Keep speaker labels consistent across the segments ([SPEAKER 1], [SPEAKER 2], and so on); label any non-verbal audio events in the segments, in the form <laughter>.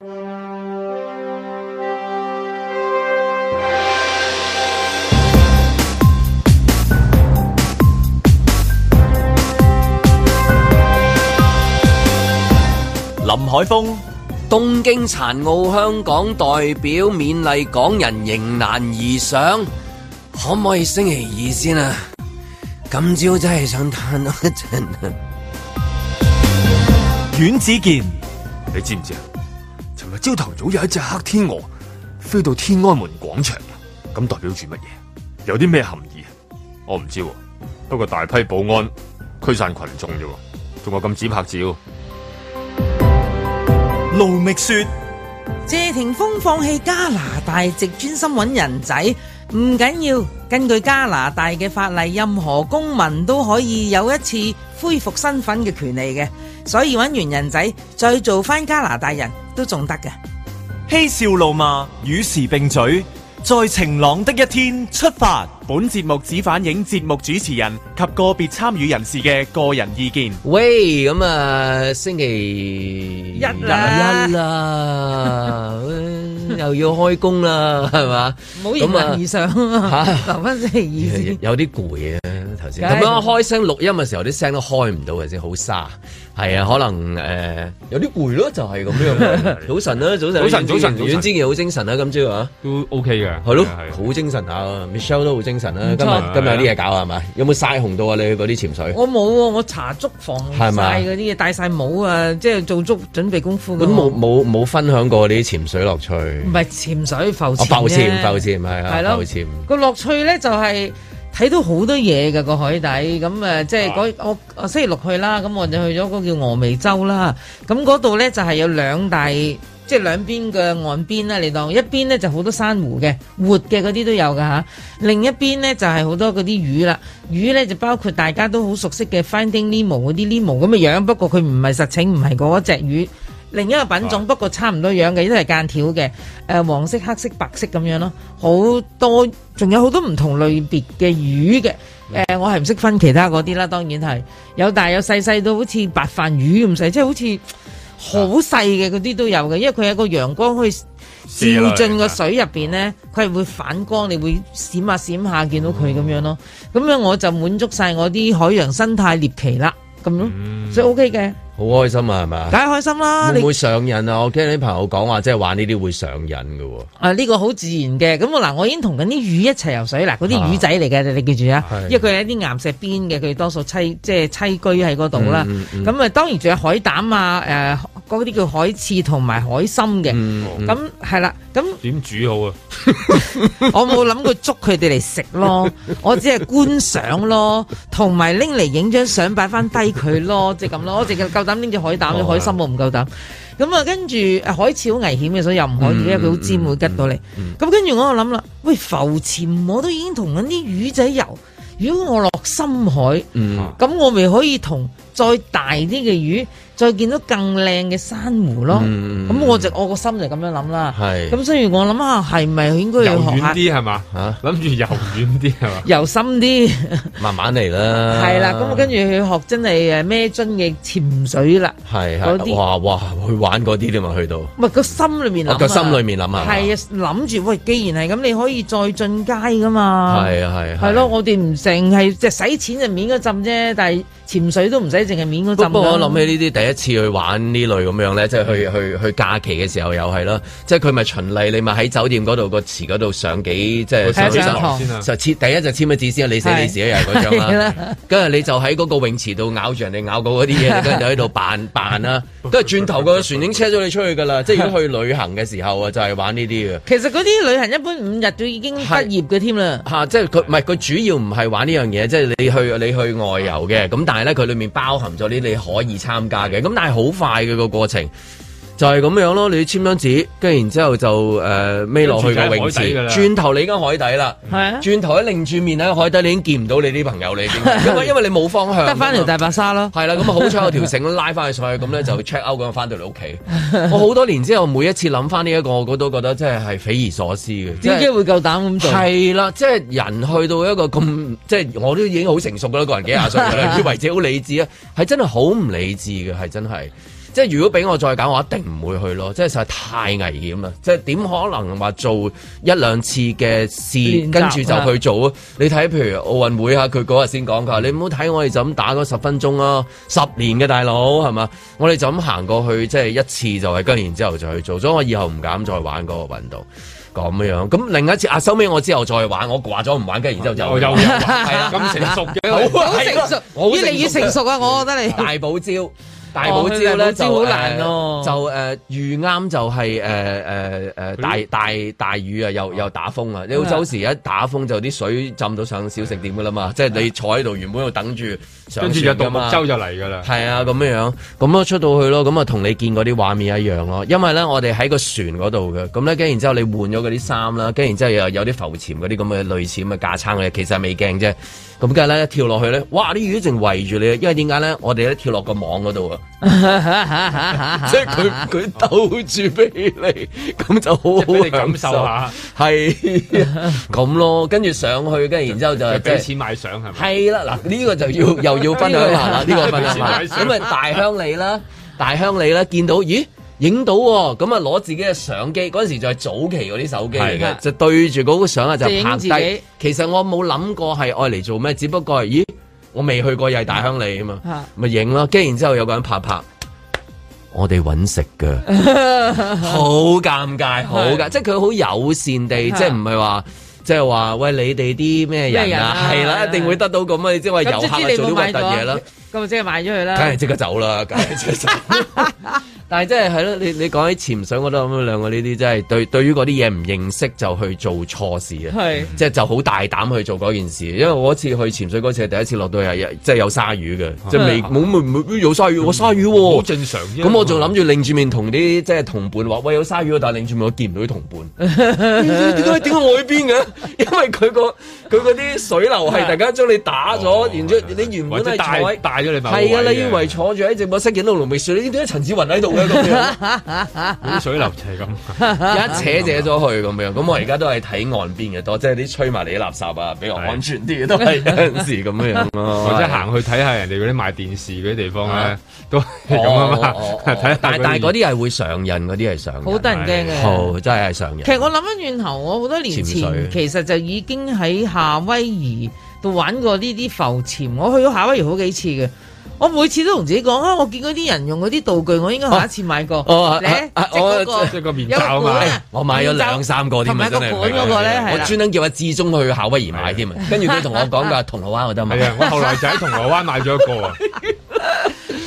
[SPEAKER 1] 林海峰，東京殘奧香港代表勉勵港人迎難而上，可唔可以星期二先啊？今朝真係想嘆多一陣。阮子健，
[SPEAKER 2] 你知唔知啊？朝頭早有一隻黑天鵝飛到天安門廣場，咁代表住乜嘢？有啲咩含義？我唔知，不過大批保安驅散群眾啫，仲話禁止拍照。
[SPEAKER 3] 盧覓雪：謝霆鋒放棄加拿大籍，專心揾人仔，唔緊要。根據加拿大嘅法例，任何公民都可以有一次恢復身份嘅權利嘅。所以搵完人仔再做翻加拿大人都仲得嘅。
[SPEAKER 1] 嬉笑怒罵與時並舉，在晴朗的一天出發。本節目只反映節目主持人及個別參與人士嘅個人意見。喂，咁啊星期一啦，又要開工啦，係嘛？唔好意大意上，留翻星期二先。有啲攰啊，頭先咁樣開聲錄音嘅時候，啲聲都開唔到嘅，先好沙。係啊，可能誒有啲攰咯，就係咁樣。早晨啊，早晨，早晨，早晨，之前好精神啊，今朝啊，都 OK 嘅，係咯，好精神啊。Michelle 都好精神啊。今日今日有啲嘢搞係嘛？有冇晒紅到啊？你去嗰啲潛水？
[SPEAKER 3] 我冇啊，我搽足防曬嗰啲嘢，戴晒帽啊，即係做足準備功夫。咁冇
[SPEAKER 1] 冇冇分享過啲潛水樂趣。
[SPEAKER 3] 唔係潛水浮潛咩？浮潛
[SPEAKER 1] 浮潛係啊，浮潛
[SPEAKER 3] 個樂趣咧就係。睇到好多嘢㗎個海底，咁誒即係我星期六去啦，咁我就去咗嗰叫峨眉洲啦。咁嗰度呢，就係有兩大，即係兩邊嘅岸邊啦。你當一邊呢，就好多珊瑚嘅活嘅嗰啲都有㗎嚇，另一邊呢，就係好多嗰啲魚啦。魚呢，就包括大家都好熟悉嘅 Finding Nemo 嗰啲 Nemo 咁嘅樣，不過佢唔係實情，唔係嗰隻魚。另一個品種是，不過差唔多樣嘅，都係間條嘅，誒、呃，黃色、黑色、白色咁樣咯，好多，仲有好多唔同類別嘅魚嘅，誒、呃，我係唔識分其他嗰啲啦，當然係有大有細，細到好似白飯魚咁細，即、就、係、是、好似好細嘅嗰啲都有嘅，因為佢有個陽光可以照進個水入邊呢，佢係會反光，你會閃下閃下見到佢咁樣咯，咁、嗯、樣我就滿足晒我啲海洋生態獵奇啦，咁咯，嗯、所以 OK 嘅。
[SPEAKER 1] 好開心啊，係嘛？梗係開
[SPEAKER 3] 心啦、啊！會唔會
[SPEAKER 1] 上癮啊？你 我聽你啲朋友講話，即係玩呢啲會上癮嘅。
[SPEAKER 3] 啊，呢、啊這個好自然嘅。咁嗱，我已經同緊啲魚一齊游水啦。嗰啲魚仔嚟嘅，啊、你記住啊。是因為佢喺啲岩石邊嘅，佢多數棲即係棲居喺嗰度啦。咁啊，當然仲有海膽啊，誒，嗰啲叫海刺同埋海參嘅。咁係啦，咁
[SPEAKER 2] 點煮好啊？
[SPEAKER 3] <laughs> <laughs> 我冇諗過捉佢哋嚟食咯，我只係觀賞咯，同埋拎嚟影張相擺翻低佢咯，即係咁咯。我淨係夠。膽拎隻海膽，oh. 啊，海參我唔夠膽。咁啊，跟住海刺好危險嘅，所以又唔可以，mm hmm. 因為佢好尖，會吉到你。咁，mm hmm. 跟住我就諗啦，喂，浮潛我都已經同緊啲魚仔游，如果我落深海，咁，mm hmm. 我咪可以同再大啲嘅魚再見到更靚嘅珊瑚咯，咁我就我個心就咁樣諗啦。係，咁雖然我諗下係咪應該要遊遠啲
[SPEAKER 2] 係嘛？嚇，諗住
[SPEAKER 1] 遊遠啲係嘛？
[SPEAKER 3] 遊深啲，
[SPEAKER 1] 慢慢嚟啦。
[SPEAKER 2] 係啦，咁跟
[SPEAKER 3] 住去學真係誒咩樽嘅潛水啦。係，哇
[SPEAKER 1] 哇，去玩嗰啲添啊，去到。
[SPEAKER 3] 咪個心裏面諗，個心裏面諗啊。係啊，諗住，喂，既然係咁，你可以再進階噶嘛。係啊係啊。係咯，我哋唔淨係即係使錢就免咗浸啫，但係。潛水都唔使淨係面嗰浸，不過我諗起
[SPEAKER 1] 呢啲第一次去玩呢類咁樣咧，即係去去去假期嘅時候又係啦。即係佢咪循例，你咪喺酒店嗰度個池嗰度上幾即係就簽第一就簽個字先，你寫你字一又嗰張啦。跟住你就喺嗰個泳池度咬住人哋咬過嗰啲嘢，跟住就喺度扮扮啦。跟住轉頭個船已經車咗你出去㗎啦。即係如果去旅行嘅時候啊，就係玩呢啲嘅。
[SPEAKER 3] 其實嗰啲旅行一般五日都已經畢業嘅添啦。
[SPEAKER 1] 即係佢唔係佢主要唔係玩呢樣嘢，即係你去你去外遊嘅咁，但係咧，佢裡面包含咗呢你可以參加嘅，咁但係好快嘅個過程。就係咁樣咯，你簽張紙，跟住然之後就誒，孭落去個泳池，轉頭你依家海底啦，係 <noise> 啊，轉頭喺擰轉面喺海底，你已經見唔到你啲朋友你朋友，因為因為你冇方向，得翻條大白鯊咯，係啦，咁啊好彩有條繩拉翻去上去，咁咧就 check out 翻到你屋企。我 <noise> 好多年之後，每一次諗翻呢一個，我都覺得真係係匪夷所思嘅， <laughs> 點解
[SPEAKER 3] 會夠膽咁做？係
[SPEAKER 1] <noise> 啦，即係人去到一個咁，即係我都已經好成熟嘅一個人幾廿歲以為自己好理智啊，係真係好唔理智嘅，係真係。即係如果俾我再揀，我一定唔會去咯。即係實在太危險啦！即係點可能話做一兩次嘅事，接跟住就去做啊你？你睇譬如奧運會吓，佢嗰日先講噶，你唔好睇我哋就咁打嗰十分鐘咯、啊。十年嘅大佬係嘛？我哋就咁行過去，即係一次就係、是、跟，然後之後就去做。所以我以後唔敢再玩嗰個運動。咁樣咁另一次啊，收尾我之後再玩，我掛咗唔玩，跟然之後就又， <laughs> 又又係啦，咁
[SPEAKER 3] <laughs> 對成熟嘅， <laughs> 好成熟，越嚟越成熟啊！我覺得你 <laughs> 大保招。大堡礁咧就
[SPEAKER 1] 誒、哦呃、預啱就係誒誒誒大大大，大雨啊，又又打風啊！你早、哦、時一打風就啲水浸到上小食店噶啦嘛，啊、即係你坐喺度原本要等住上船噶嘛。住就獨木舟就嚟噶啦。係啊，咁樣樣咁咯，樣出到去咯，咁啊同你見嗰啲畫面一樣咯。因為咧，我哋喺個船嗰度嘅，咁咧跟然之後你換咗嗰啲衫啦，跟然之後又有啲浮潛嗰啲咁嘅類似咁嘅架撐嘅，其實未驚啫。咁梗係咧，跳落去咧，哇！啲魚一直圍住你，因為點解咧？我哋咧跳落個網嗰度啊，
[SPEAKER 3] <laughs> 即係佢
[SPEAKER 1] 佢兜住俾你，咁就好好嘅感受下，係咁咯。跟住上去，跟住然之後就借錢買相係咪？係啦，嗱，呢個就要又要分享下啦，呢 <laughs> 個分享下。咁咪大鄉里啦，大鄉里啦，見到咦？影到咁啊！攞自己嘅相機，嗰陣時就係早期嗰啲手機嚟嘅，就對住嗰個相啊，就拍低。其實我冇諗過係愛嚟做咩，只不過，咦，我未去過又係大鄉里啊嘛，咪影咯。跟然之後有個人拍拍，我哋搵食嘅，好尷尬，好噶，即係佢好友善地，即係唔係話，即係話喂你哋啲咩人啊？係啦，一定會得到咁啊！你知我遊客做啲乜嘢啦？
[SPEAKER 3] 咁啊，即係賣咗佢啦，梗係即
[SPEAKER 1] 刻走啦，梗係即刻走。但係真係係咯，你你講起潛水，我都諗到兩個呢啲，真、就、係、是、對對於嗰啲嘢唔認識就去做錯事嘅，是即係就好大膽去做嗰件事。因為我一次去潛水嗰次係第一次落到係，即係有鯊魚嘅，即係未冇冇冇有鯊魚，鯊魚好正常。咁我仲諗住擰住面同啲即係同伴話喂，有鯊魚，但係擰住面我見唔到啲同伴，點解點解我去邊嘅？因為佢個佢嗰啲水流係突然間將你打咗，哦、然之後或者 你原本咧帶帶咗你埋係噶，你以、嗯、為坐住喺直播室度未算，你點解陳子云喺度？
[SPEAKER 3] <laughs> 水流就係咁， <laughs> 一扯扯
[SPEAKER 1] 咗去咁 <laughs> 樣。咁我而家都係睇岸邊嘅多，即係啲吹埋嚟啲垃圾啊，比較安全啲是的 <laughs> 都係有陣時咁樣咯。或者行去睇下人
[SPEAKER 2] 哋嗰啲賣電視
[SPEAKER 1] 嗰啲地方咧， <laughs> 都係咁啊嘛。但係但係嗰啲係會上癮，嗰啲係上
[SPEAKER 2] 癮，好
[SPEAKER 3] 得人驚嘅，
[SPEAKER 1] 真係上癮。其實
[SPEAKER 3] 我諗翻轉頭，我好多年前潛水 其實就已經喺夏威夷度玩過呢啲浮潛。我去咗夏威夷好幾次嘅。我每次都同自己講啊，我見嗰啲人用嗰啲道具，我應該下一次買過咧，個面罩
[SPEAKER 1] 啊我買咗兩三個添，咁嘅個咧，我專登叫阿志忠去夏威夷買添啊，跟住佢同我講噶銅鑼灣得嘛，我後來就喺銅鑼灣買咗一個啊，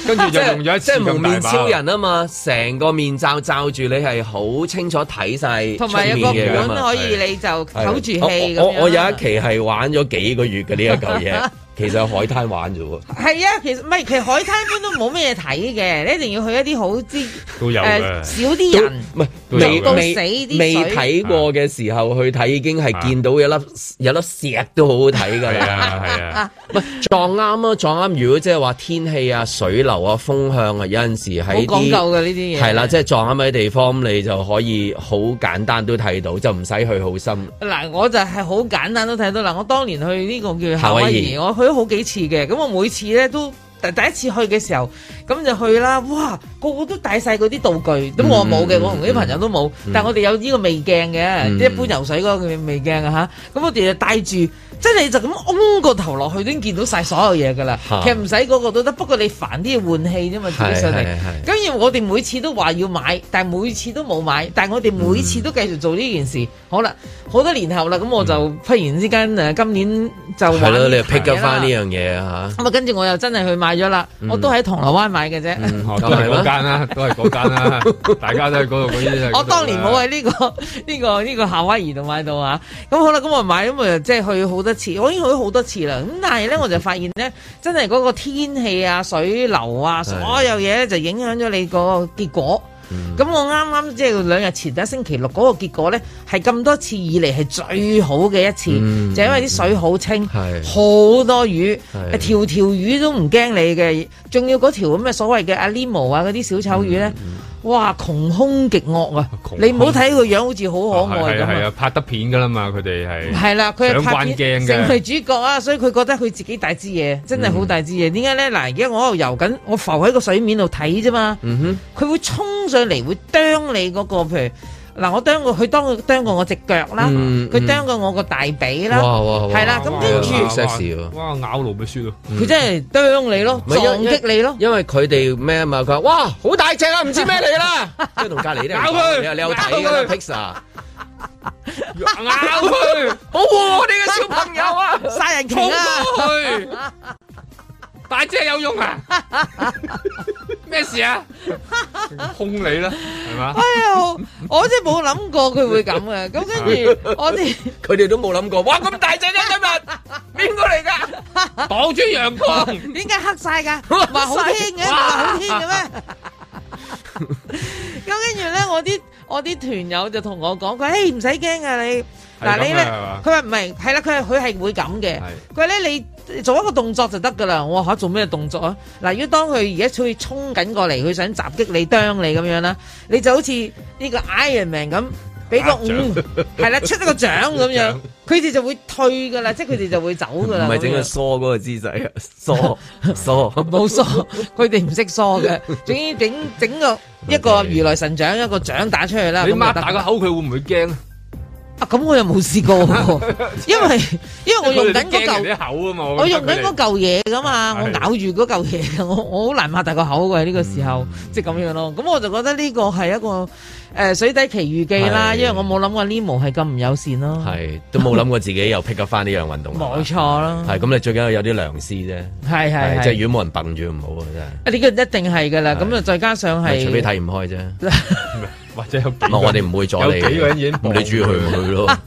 [SPEAKER 1] 跟住就用咗。即係蒙面超人啊嘛，成個面罩罩住你係好清楚睇晒，同埋有個款可以你
[SPEAKER 3] 就唞住氣。我有一期
[SPEAKER 1] 係玩咗幾個月嘅呢一嚿嘢。其實去海灘玩啫
[SPEAKER 3] 喎，係啊，其實唔係，其實海灘一般都冇咩嘢睇嘅，你一定要去一啲好啲誒少啲人，唔係
[SPEAKER 1] 你未未到死未睇過嘅時候去睇已經係、啊、見到有粒有粒石都好好睇㗎啦，係啊，唔係撞啱啊撞啱、啊 <laughs> 啊，如果即係話天氣啊水流啊風向啊，有陣時係好講究
[SPEAKER 3] 㗎呢啲嘢，係啦，即
[SPEAKER 1] 係撞啱啲地方，你就可以好簡單都睇到，就唔使去好深。
[SPEAKER 3] 嗱，我就係好簡單都睇到嗱，我當年去呢個叫夏威夷，我去。都好幾次嘅，咁我每次咧都第第一次去嘅時候，咁就去啦。哇，個個都帶晒嗰啲道具，咁我冇嘅，mm hmm. 我同啲朋友都冇，mm hmm. 但係我哋有呢個味鏡嘅，即係、mm hmm. 一般游水嗰個味鏡啊吓，咁我哋就帶住。即係你就咁擝個頭落去都已經見到晒所有嘢㗎啦，其實唔使嗰個都得，不過你煩啲嘢換氣啫嘛，自己上嚟。咁要我哋每次都話要買，但係每次都冇買，但係我哋每次都繼續做呢件事。好啦，好多年後啦，咁我就忽然之間今年就係囉，你又 pick 咗翻呢
[SPEAKER 1] 樣嘢嚇。咁
[SPEAKER 3] 啊跟住我又真係去買咗啦，我都喺銅鑼灣買嘅啫，都係
[SPEAKER 2] 嗰間啦，都係嗰間啦，
[SPEAKER 1] 大家都係嗰個嗰啲。
[SPEAKER 2] 我當年冇喺
[SPEAKER 3] 呢個呢個呢個夏威夷度買到啊，咁好啦，咁我買咁啊即係去好多次，我已經去咗好多次啦。咁但係呢，我就發現呢，真係嗰個天氣啊、水流啊，所有嘢呢就影響咗你個結果。咁的我啱啱即係兩日前，第一星期六嗰個結果呢，係咁多次以嚟係最好嘅一次，嗯、就因為啲水好清，好的多魚，條條魚都唔驚你嘅，仲要嗰條咁嘅所謂嘅阿 Limu 啊，嗰啲小丑魚呢。嗯嗯哇，窮凶極惡啊！凶你唔好睇佢樣，好似好可愛啊！係啊是是是，
[SPEAKER 2] 拍得片噶啦嘛，佢哋係係啦，佢係、啊、拍片鏡淨係主
[SPEAKER 3] 角啊，所以佢覺得佢自己大支嘢，真係好大支嘢。點解咧？嗱，而家我喺度游緊，我浮喺個水面度睇啫嘛。嗯、哼，佢會衝上嚟，會啄你嗰、那個譬如。嗱，我啄過佢，當過啄過我隻腳啦，佢啄過我個大髀啦，係啦，咁跟住，
[SPEAKER 2] 哇咬落咪酸咯！佢真
[SPEAKER 3] 係啄你咯，撞擊
[SPEAKER 1] 你咯，因為佢哋咩啊嘛，佢話哇好大隻啊，唔知咩嚟嘅啦，即係同隔籬啲人咬佢，你有睇啊？Pisa，
[SPEAKER 3] 咬佢，好啊！我哋嘅小朋友啊，殺人狂啊，大隻有用啊！咩事啊？
[SPEAKER 2] 轟你啦，係嘛？
[SPEAKER 3] 哎呀，我真係冇諗過佢會咁嘅。咁跟住我啲，佢哋都冇諗過。哇，咁大隻咧今日，邊個嚟噶？擋住陽光，點解黑晒噶？唔係好天嘅咩？咁跟住咧，我啲我啲團友就同我講，佢，誒唔使驚啊你。嗱、啊、你咧，佢話唔係，係啦說，佢係佢係會咁嘅。佢咧是，你做一個動作就得噶啦。我話嚇，做咩動作啊？嗱，如果當佢而家出去衝緊過嚟，佢想襲擊你、啄你咁樣啦，你就好似呢個 Iron Man 咁，俾個五，係啦，出咗個掌咁樣，佢哋 <laughs> 就會退噶啦，即係佢哋就會走噶啦。唔係整個梳
[SPEAKER 1] 嗰個姿勢梳梳冇梳，
[SPEAKER 3] 佢哋唔識梳嘅，仲要整整個一個如來神掌一個掌打出去啦。Okay. 你擘大個口，佢會唔會驚？啊！咁我又冇試過， <laughs> 因為 <laughs> 因為
[SPEAKER 2] 我用緊嗰嚿嘢，我用緊嗰
[SPEAKER 3] 嚿嘢㗎嘛，我咬住嗰嚿嘢，我我好難擘大個口喎，喺呢個時候，即係咁樣咯。咁我就覺得呢個係一個。誒，水底奇遇記啦，因為我冇諗過呢模係咁唔友善咯，係
[SPEAKER 1] 都冇諗過自己又 pick up 翻呢樣運動，
[SPEAKER 3] 冇錯咯。係咁，
[SPEAKER 1] 你最緊要有啲良師啫，
[SPEAKER 3] 係係，即係
[SPEAKER 1] 如果冇人笨住唔好啊，
[SPEAKER 3] 真係。呢個一定係噶啦，咁啊，再加上係除非睇
[SPEAKER 1] 唔開啫，或者有，我哋唔會再嚟。呢個人已經唔理住去唔去咯。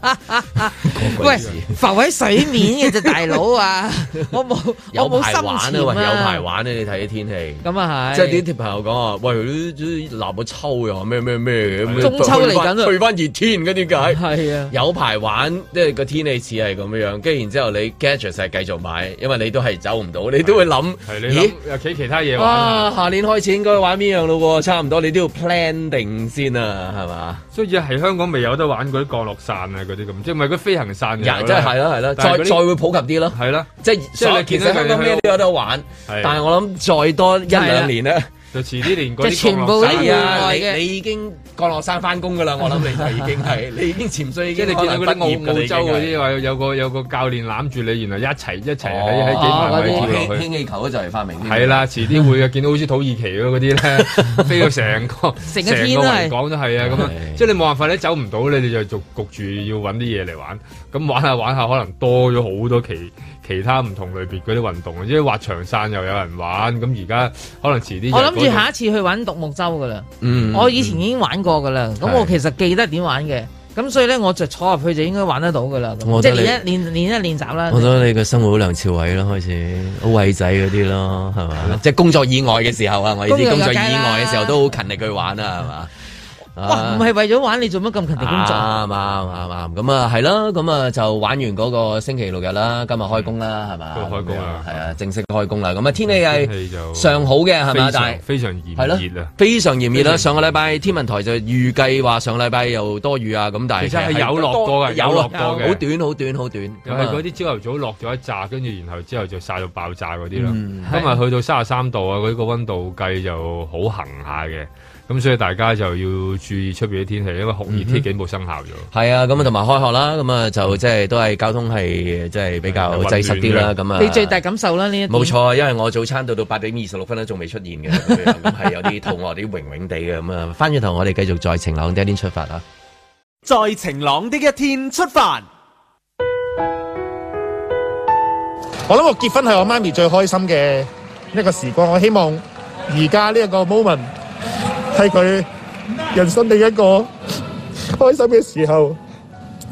[SPEAKER 3] 喂，浮喺水面嘅隻大佬啊，我冇，我冇心玩啊，有排
[SPEAKER 1] 玩啊。你睇啲天氣，
[SPEAKER 3] 咁啊係，即係啲
[SPEAKER 1] 朋友講啊，喂，啲啲南半秋又咩咩咩。中秋嚟緊去翻熱天嘅點解？係啊，有排玩，即係個天氣似係咁樣，跟住然之後你 gadgets 係繼續買，因為你都係走唔到，你都會諗咦？又企其他嘢玩。哇！下年開始應該玩邊樣咯？差唔多你都要 plan 定先啊，係嘛？
[SPEAKER 2] 所以係香港未有得玩嗰啲降落傘啊，嗰啲咁，即係咪嗰飛行傘？呀，即係係啦係啦，再再
[SPEAKER 1] 會普及啲咯。係啦，即係其實香港咩都有得玩，但係我諗再多一兩年咧。就遲啲連全部降落山啦，你已經降落山翻工噶啦。我諗你係已經係，你已經潛水已經，你見到嗰啲澳洲嗰啲
[SPEAKER 2] 話有個有個教練攬住你，原來一齊一齊喺喺幾萬米跳落去，熱
[SPEAKER 1] 氣球就係發明添。係啦，
[SPEAKER 2] 遲啲會啊，見到好似土耳其嗰啲咧，飛到成個成個雲講都係啊咁，即係你冇辦法咧走唔到，你哋就逐焗住要揾啲嘢嚟玩，咁玩下玩下可能多咗好多期。其他唔同類別嗰啲運動，即係滑長山又有人玩，咁而家可能遲啲。我諗住下一次
[SPEAKER 3] 去玩獨木舟噶啦，嗯、
[SPEAKER 2] 我以前
[SPEAKER 3] 已經玩過噶啦，咁、嗯、我其實記得點玩嘅，咁是所以咧我就坐入去就應該玩得到噶啦，即係練一練，練一練習啦。我覺
[SPEAKER 1] 得你嘅生活好梁朝偉咯，開始好偉仔嗰啲咯，係嘛？即係 <laughs> 工作以外嘅時候啊，我哋 <laughs> 工作以外嘅時候 <laughs> 都好勤力去玩啊，係嘛？ <laughs> 哇！唔係
[SPEAKER 3] 為咗玩，你做乜咁勤力工作啊？啱，係
[SPEAKER 1] 嘛，咁啊，係咯，咁啊，就玩完嗰個星期六日啦，今日開工啦，係嘛？今日開工啊！係啊，正式開工啦！咁啊，天氣係上好嘅，係咪？但係非常炎熱，係咯，非常炎熱啦！上個禮拜天文台就預計話上禮拜又多雨啊，咁但係其實係有落過嘅，有落過嘅，好短，好短，好短。咁啊，嗰啲
[SPEAKER 2] 朝頭早落咗一扎，跟住然後之後就晒到爆炸嗰啲。今日去到三十三度啊，嗰個溫度計就好行下嘅。咁所以大家就要注意出邊啲天
[SPEAKER 1] 氣，因為酷熱天氣警報生效咗。係、嗯嗯、啊，咁啊同埋開學啦，咁、嗯、啊就即係都係交通係即係比較擠塞啲啦。咁啊、嗯，嗯、你最
[SPEAKER 3] 大感受啦呢一？冇錯，
[SPEAKER 1] 因為我早餐到到八點二十六分都仲未出現嘅，
[SPEAKER 3] 咁係、 <laughs>
[SPEAKER 1] 嗯、有啲肚餓，啲泳泳地嘅咁啊。翻、嗯、轉頭，我哋繼續在晴朗的一天出發啊！在晴朗的一天出發。
[SPEAKER 2] 我諗我結婚係我媽咪最開心嘅一個時光，我希望而家呢一個 moment。係佢人生第一個 <laughs> 開心嘅時候。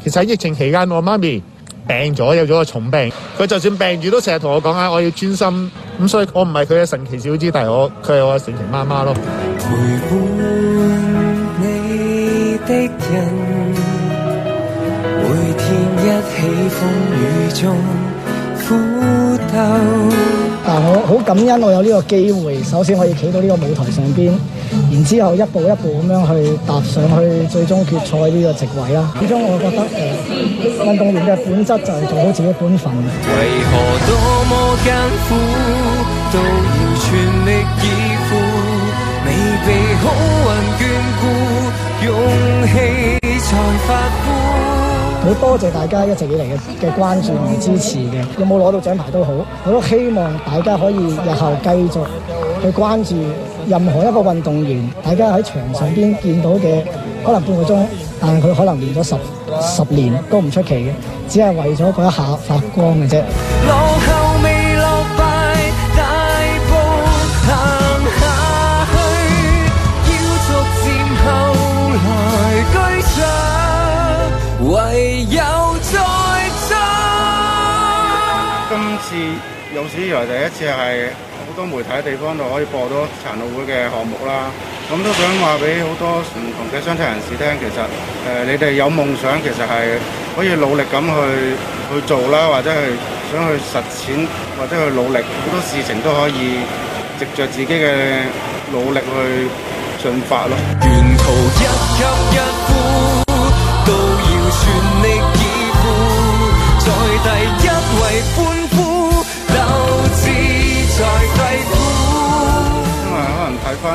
[SPEAKER 2] 其實喺疫情期間，我媽咪病咗，有咗個重病。佢就算病住都成日同我講啊，我要專心。咁所以我唔係佢嘅神奇小子，但係我佢係我嘅神奇媽媽咯。陪伴你
[SPEAKER 3] 的人，每天一起風雨中苦鬥。但我好感恩我有呢個機會，首先可以企到呢個舞台上邊。然之後一步一步咁樣去踏上去最終決賽呢個席位啦。始終我
[SPEAKER 4] 覺得誒，
[SPEAKER 3] 運動員嘅本質就係做好自
[SPEAKER 1] 己本分。為何多麼艱苦都要全力以赴？未被好運眷顧，勇氣才發光。好多謝大家一直以嚟嘅嘅關注同支持嘅。有冇攞到獎牌都好，我都希望大家可以日後繼續去關注。任何一個運動員，大家喺場上邊見到嘅可能半個鐘，但係佢可能練咗十十年都唔出奇嘅，只係為咗嗰一下發光嘅啫。
[SPEAKER 4] 落後未落敗，大步
[SPEAKER 1] 行下去，要逐漸後來居上，唯有再爭。
[SPEAKER 2] 今次有史以來第一次係。好多媒體嘅地方就可以播到殘奧會嘅項目啦，咁都想話俾好多唔同嘅傷殘人士聽，其實，誒，你哋有夢想，其實係可以努力咁去去做啦，或者係想去實踐，或者去努力，好多事情都可以藉着自己嘅努力去進發咯。沿途
[SPEAKER 1] 一吸一呼，都要全力以赴，在第
[SPEAKER 4] 一位。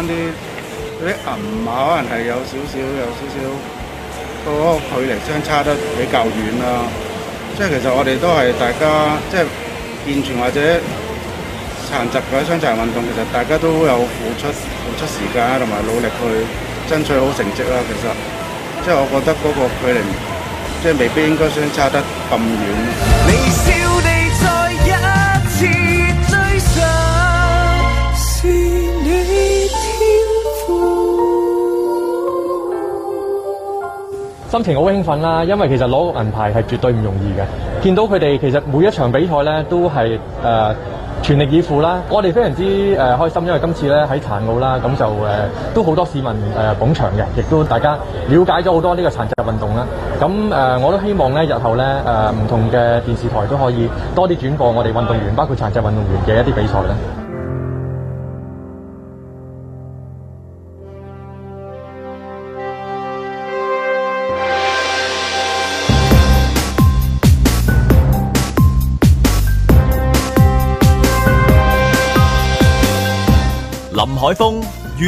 [SPEAKER 2] 啲啲銀碼可能係有少少，有少少嗰個距離相差得比較遠啦、啊。即係其實我哋都係大家，即係健全或者殘疾嘅傷殘運動，其實大家都有付出付出時間，同埋努力去爭取好成績啦、啊。
[SPEAKER 4] 其實，即係我覺得嗰個距離，即係未必應該相差得咁遠。
[SPEAKER 2] 心情好興奮啦，因為其實攞個銀牌係絕對唔容易嘅。見到佢哋其實每一場比賽呢都係誒全力以赴啦，我哋非常之誒開心，因為今次呢喺殘奧啦，咁就誒都好多市民誒捧場嘅，亦都大家了解咗好多呢個殘疾運動啦。咁誒我都希望呢日後呢誒唔同嘅電視台都可以多啲轉播我哋運動員，包括殘疾運動員嘅一啲比賽啦。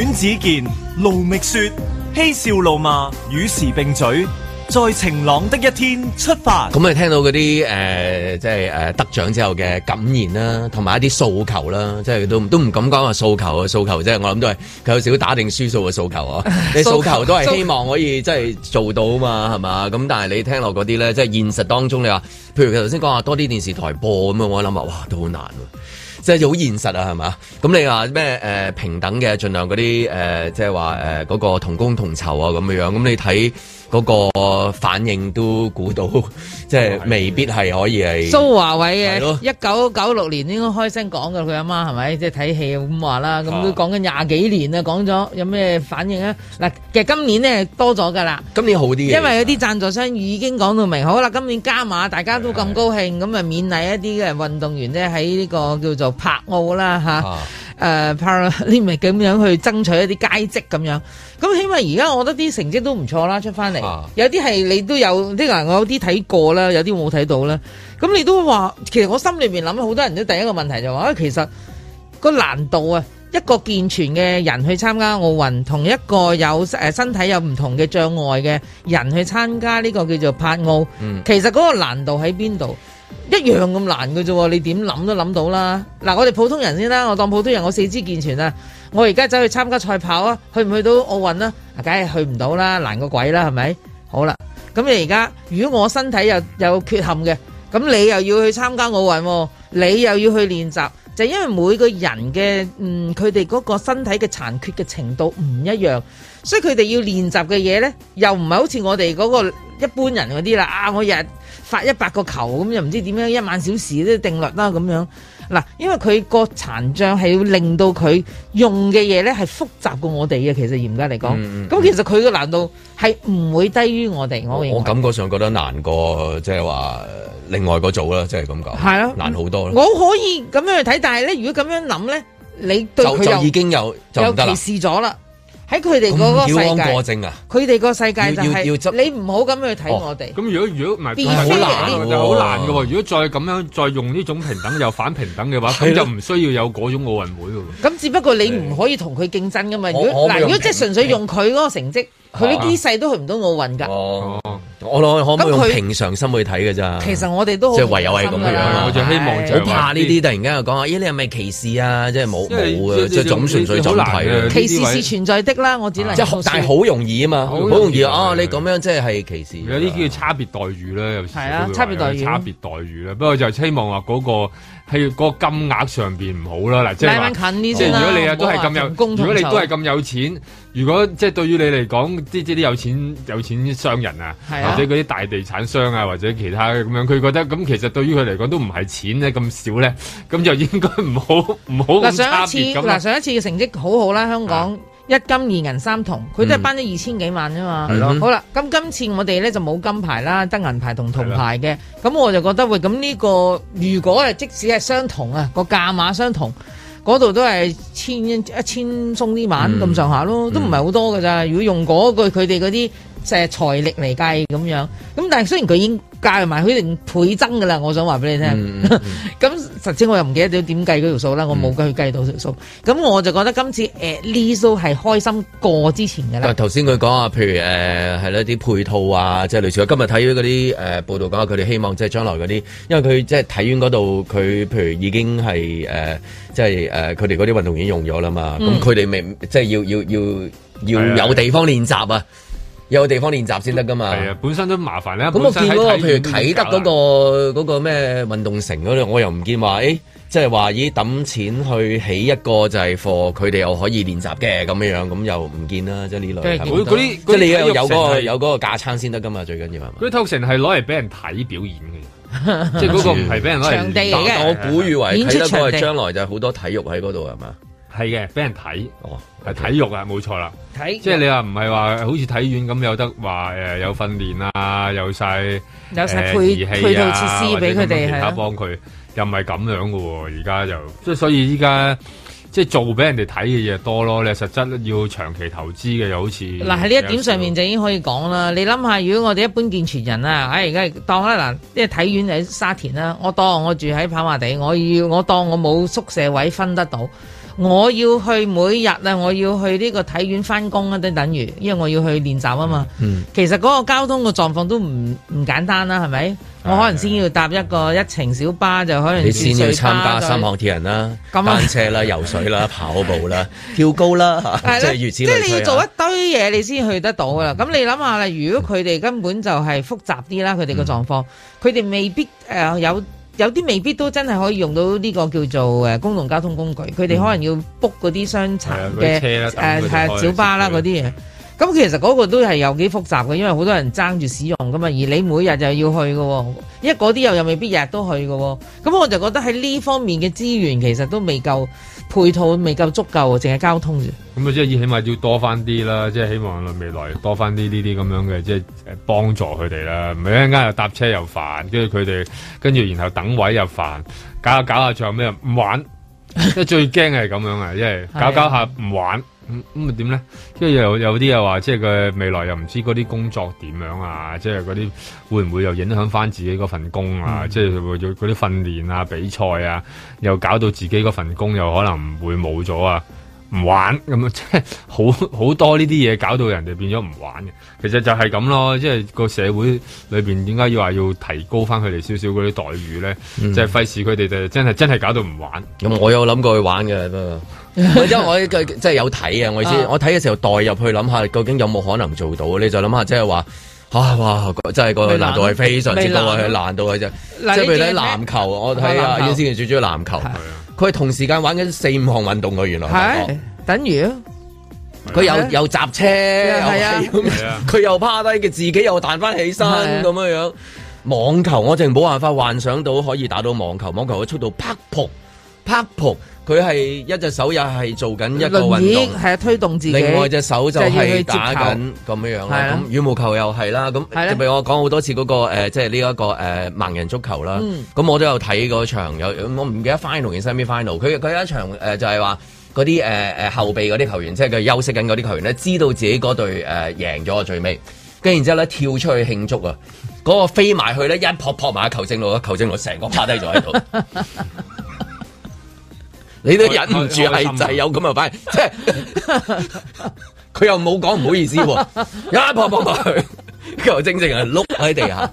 [SPEAKER 1] 阮子健盧覓雪：嬉笑怒罵與時並嘴，在晴朗的一天出發。咁你聽到嗰啲誒，即係誒得獎之後嘅感言啦，同埋一啲訴求啦，即係都都唔敢講話訴求啊，訴求即係我諗都係佢有少打定輸數嘅訴求啊。 <laughs> 你訴求都係希望可以即係 <laughs> 做到啊嘛，係嘛？咁但係你聽落嗰啲咧，即係現實當中，你話譬如佢頭先講話多啲電視台播咁樣，我諗啊，哇，都好難。即係好現實啊，係咪？咁你話咩？誒、呃、平等嘅，盡量嗰啲誒，即係話誒嗰個同工同酬啊，咁樣樣。咁、嗯、你睇。嗰個反應都估到，即係未必係可以係蘇樺偉嘅。
[SPEAKER 3] 一九九六年應該開聲講㗎，佢阿媽係咪？即係睇戲咁話啦。咁都講緊廿幾年啦，的講咗有咩反應啊？嗱，其實今年咧多咗㗎喇。今年好啲嘅，因為有啲贊助商已經講到明，好啦，今年加碼大家都咁高興，咁咪的勉勵一啲嘅運動員咧，喺呢個叫做柏奧啦嚇。啊誒 Paralympic 咁樣去爭取一啲佳績咁樣，咁起碼而家我覺得啲成績都唔錯啦，出翻嚟。啊、有啲係你都有，啲人我有啲睇過啦，有啲冇睇到啦。咁你都話，其實我心裏邊諗好多人都第一個問題就話、是、啊、哎，其實個難度啊，一個健全嘅人去參加奧運，同一個有誒身體有唔同嘅障礙嘅人去參加呢個叫做帕奧，嗯、其實嗰個難度喺邊度？一樣咁難㗎啫，你點諗都諗到啦。嗱，我哋普通人先啦，我當普通人，我四肢健全啊，我而家走去參加賽跑啊，去唔去到奧運啊？啊，梗係去唔到啦，難過鬼啦，係咪？好啦，咁你而家如果我身體又有，有缺陷嘅，咁你又要去參加奧運啊，你又要去練習啊。就因為每個人嘅，嗯，佢哋嗰個身體嘅殘缺嘅程度唔一樣，所以佢哋要練習嘅嘢呢，又唔係好似我哋嗰個一般人嗰啲啦。啊，我日發一百個球咁，又唔知點樣一萬小時嘅定律啦，啊，咁樣。嗱，因為佢個殘障係會令到佢用嘅嘢咧係複雜過我哋嘅，其實嚴格嚟講，咁、嗯嗯、其實佢嘅難度係唔會低於我哋，我我
[SPEAKER 1] 感覺上覺得難過，即係話另外個組啦，即係咁講，啊、難好多咯。我可以
[SPEAKER 3] 咁樣去睇，但係咧，如果咁樣諗咧，你對佢已
[SPEAKER 1] 經有
[SPEAKER 2] 就有歧視
[SPEAKER 3] 咗啦。喺佢哋嗰個世
[SPEAKER 1] 界，
[SPEAKER 3] 佢哋個世界就係你唔好咁去睇我哋。
[SPEAKER 2] 咁如果如果唔係，好難，就好難嘅喎。如果再咁樣再用呢種平等又反平等嘅話，咁就唔需要有嗰種奧運會嘅喎。
[SPEAKER 3] 咁只不過你唔可以同佢競爭嘅嘛？如果嗱，如果即係純粹用佢嗰個成績。佢啲姿勢都去唔到奧運噶，我諗可唔可以用平
[SPEAKER 1] 常心去睇㗎咋？其實
[SPEAKER 3] 我哋都即係唯有係咁嘅樣，我就希望就係好怕呢
[SPEAKER 1] 啲突然間又講話，咦，你係咪歧視啊？即係冇冇嘅，即係就純粹就睇啦。歧視是
[SPEAKER 3] 存在的啦，我只能即但係好容
[SPEAKER 1] 易啊嘛，好容易啊你咁樣即係係歧視，有啲叫差別待遇啦，有時係啊差別待遇，差別待遇啦。不過
[SPEAKER 2] 就希望話嗰個。係個金額上邊唔好啦。嗱、即係，近啲即係話，即係如果你啊都係咁有，如果你都係咁有錢，如果即係對於你嚟講，即啲啲有錢有錢商人啊，是啊或者嗰啲大地產商啊，或者其他咁樣，佢覺得咁其實對於佢嚟講都唔係錢咧咁少咧，咁就應該唔好唔好咁差別。嗱，上一次，嗱，上一
[SPEAKER 3] 次嘅成績好好啦，香港。一金二銀三銅，佢都係頒咗二千幾萬啫嘛。係咯的，好啦，咁今次我哋咧就冇金牌啦，得銀牌同銅牌嘅。咁的我就覺得喂，咁呢、呢個如果係即使係相同啊，個價碼相同，嗰度都係千一千鬆啲萬咁上下咯，都唔係好多㗎咋。嗯、如果用嗰句佢哋嗰啲。即係財力嚟計咁樣，咁但係雖然佢已經加埋佢一定倍增噶啦，我想話俾你聽。咁、嗯嗯、 <laughs> 實際我又唔記得點點計嗰條數啦，我冇跟佢計到條數。咁我、嗯、我就覺得今次誒呢 show 係開心過之前噶啦。
[SPEAKER 1] 頭先佢講啊，譬如誒係啦啲配套啊，即係類似。今日睇嗰啲誒報道講話，佢哋希望即係將來嗰啲，因為佢即係體院嗰度，佢譬如已經係誒，即係誒佢哋嗰啲運動員用咗啦嘛，咁佢哋未即係要要要要有地方練習啊。有地方練習先得噶嘛？係啊，本身都麻煩咧。咁我見到，譬如啟德嗰個個咩運動城嗰度，我又唔見話，誒，即係話依抌錢去起一個就係課，佢哋又可以練習嘅咁樣樣，咁又唔見啦，即係呢類。即係嗰啲，即係你有嗰個有嗰個架撐先得噶嘛？最緊要係嘛？佢通常係攞嚟俾人睇表演嘅，即係嗰個唔係俾
[SPEAKER 3] 人攞嚟場地。我估以為啟德嗰個將來
[SPEAKER 1] 就好多體育喺嗰度係嘛？係
[SPEAKER 2] 嘅，俾人睇，係、哦、Okay. 體育啊，冇錯啦。睇育，即係你話唔係話好似體院咁有得話誒、呃、有訓練啊，有晒有配套、呃啊、配套設施俾佢哋係，幫佢又唔係咁樣嘅喎。而家就即係所以依家即係做俾人哋睇嘅嘢多咯。你實質要長期投資嘅又好似嗱，喺呢一點上
[SPEAKER 3] 面就已經可以講啦。你諗下，如果我哋一般健全人啦、啊，唉而家當啦、啊、嗱，即係體院喺沙田啦，我當我住喺跑馬地，我要我當我冇宿舍位分得到。我要去每日啊，我要去呢個體院翻工啊，都等於，因為我要去練習啊嘛。其實嗰個交通嘅狀況都唔唔簡單啦，係咪？我可能先要搭一個一程小巴，就可能。你先要參加三項
[SPEAKER 1] 鐵人啦，咁單車啦、游水啦、跑步啦、跳高啦，即係如此。即係你要做一
[SPEAKER 3] 堆嘢，你先去得到噶啦。咁你諗下啦，如果佢哋根本就係複雜啲啦，佢哋嘅狀況，佢哋未必誒有。有啲未必都真係可以用到呢個叫做誒公共交通工具，佢哋、嗯、可能要 book 嗰啲商場嘅誒係小巴啦嗰啲嘢。咁些其實嗰個都係有幾複雜嘅，因為好多人爭住使用噶嘛，而你每日就要去嘅，因為嗰啲又又未必日日都去嘅。咁我就覺得喺呢方面嘅資源其實都未夠。配套未夠足夠，淨係交通啫。
[SPEAKER 2] 咁啊、嗯，即係要起碼要多翻啲啦，即係希望未來多翻啲呢啲咁樣嘅，即係幫助佢哋啦。唔係一陣間又搭車又煩，跟住佢哋跟住然後等位又煩，搞下搞下仲有咩？唔玩， <laughs> 即係最驚係咁樣啊！即係搞搞下唔玩。 <laughs> 嗯咁咁咪點咧？即係又有啲又話，即係佢未來又唔知嗰啲工作點樣啊！即係嗰啲會唔會又影響翻自己嗰份工啊？嗯、即係佢嗰啲訓練啊、比賽啊，又搞到自己嗰份工又可能會冇咗啊！唔玩咁啊，即係好好多呢啲嘢搞到人哋變咗唔玩嘅。其實就係咁咯，即係個社會裏邊應該要話要提高翻佢哋少少嗰啲待遇咧？即係
[SPEAKER 1] 費事佢哋就真係真係搞到唔玩。咁我有諗過去玩嘅，因為我真係有睇啊，我意思我睇嘅時候代入去諗下究竟有冇可能做到？你就諗下，即係話哇，真係個難度係非常之高，係難度嘅啫。即係譬如你籃球，我睇啊，原先最中意籃球，佢係同時間玩緊四五項運動嘅，原來係
[SPEAKER 3] 等於。佢又、啊、又閘車，係啊！
[SPEAKER 1] 佢、啊、又趴低，佢自己又彈翻起身咁樣、啊、樣。網球我淨冇辦法幻想到可以打到網球，網球嘅速度啪撲啪撲，佢係一隻手又係做緊一個運動，係、
[SPEAKER 3] 啊、推動自己。另外隻手就係打緊
[SPEAKER 1] 咁樣、啊、樣啦。咁羽毛球又係啦。咁就畀我講好多次嗰、那個、呃、即係呢一個誒、呃、盲人足球啦。咁、啊嗯、我都有睇嗰場，有我唔記得 final 定 semi final。佢佢有一場誒、就係，就係話。嗰啲誒誒後備嗰啲球員，即係佢休息緊嗰啲球員咧，知道自己嗰隊誒贏咗啊，最尾跟然之後咧跳出去慶祝啊，嗰、嗰個飛埋去咧一撲撲埋球證路。球證路成個趴低咗喺度， <laughs> 你都忍唔住係，就係有咁嘅反應，即係佢又冇講唔好意思，
[SPEAKER 3] 一撲撲埋
[SPEAKER 1] 去，球證淨係碌喺地下，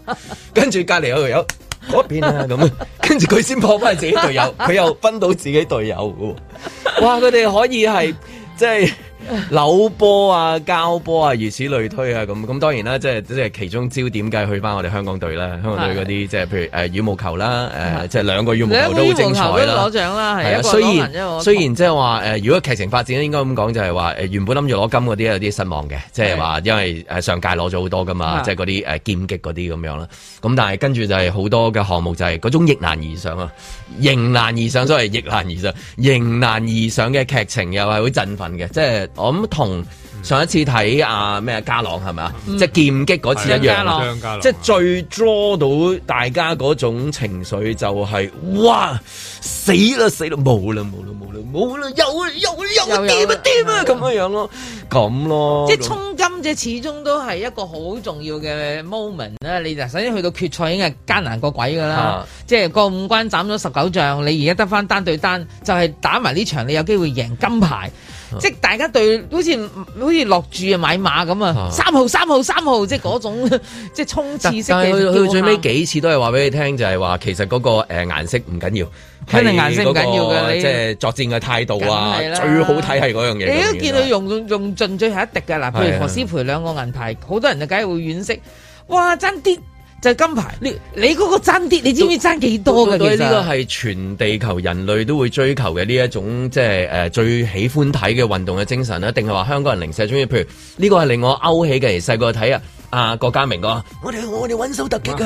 [SPEAKER 1] 跟住隔籬有有。嗰邊啊咁啊，跟住佢先破返自己隊友，佢又分到自己隊友喎，哇！佢哋可以係即係。 <laughs> 扭波啊，交波啊，如此類推啊，咁咁當然啦，即係即係其中焦點梗係去翻我哋香港隊啦，香港隊嗰啲即係譬如誒羽毛球啦，誒即係兩個羽毛球都好精彩啦，攞獎的啦係啊。的雖然雖然即係話誒，如果劇情發展咧，應該咁講就係話誒，原本諗住攞金嗰啲有啲失望嘅，即係話因為誒上屆攞咗好多噶嘛，即係嗰啲誒劍擊嗰啲咁樣啦。咁但係跟住就係好多嘅項目就係嗰種逆難而上啊，迎難而上，所謂逆難而上，迎 <laughs> 難而上嘅劇情又係會振奮嘅，即係。我唔同。上一次睇阿咩啊家朗係咪啊？即係劍擊嗰次一樣。即係最 draw 到大家嗰種情緒就係哇，死啦死啦冇啦冇啦冇啦冇啦
[SPEAKER 3] 又又
[SPEAKER 1] 又
[SPEAKER 3] 掂啊掂啊咁樣樣咯，
[SPEAKER 1] 咁咯。即係衝
[SPEAKER 3] 金，即係始終都係一個好重要嘅 moment 啦。你就首先去到決賽已經係艱難過鬼噶啦，即係過五關斬咗十九將，你而家得翻單對單，就係打埋呢場，你有機會贏金牌。即係大家對好似。即係落注啊，買馬咁啊，三號三號三號，即係嗰種即係衝刺式嘅。佢他最尾
[SPEAKER 1] 幾次都係話俾你聽，就係話其實嗰個誒顏色唔緊要，肯定顏色唔緊要嘅。你即係作戰嘅態度啊，最好睇係嗰樣嘢。你都見佢用
[SPEAKER 3] 用盡最後一滴嘅嗱，譬如何詩蓓兩個銀牌，好的多人就梗係會惋惜。哇，爭啲！就金牌，你你嗰個爭啲，你知唔知爭幾多噶？其實呢個係
[SPEAKER 1] 全地球人類都會追求嘅呢一種即係誒最喜歡睇嘅運動嘅精神啦。定係話香港人零舍中意？譬如呢個係令我勾起嘅，而細個睇啊，阿郭家明啊，我哋我哋揾手特擊噶，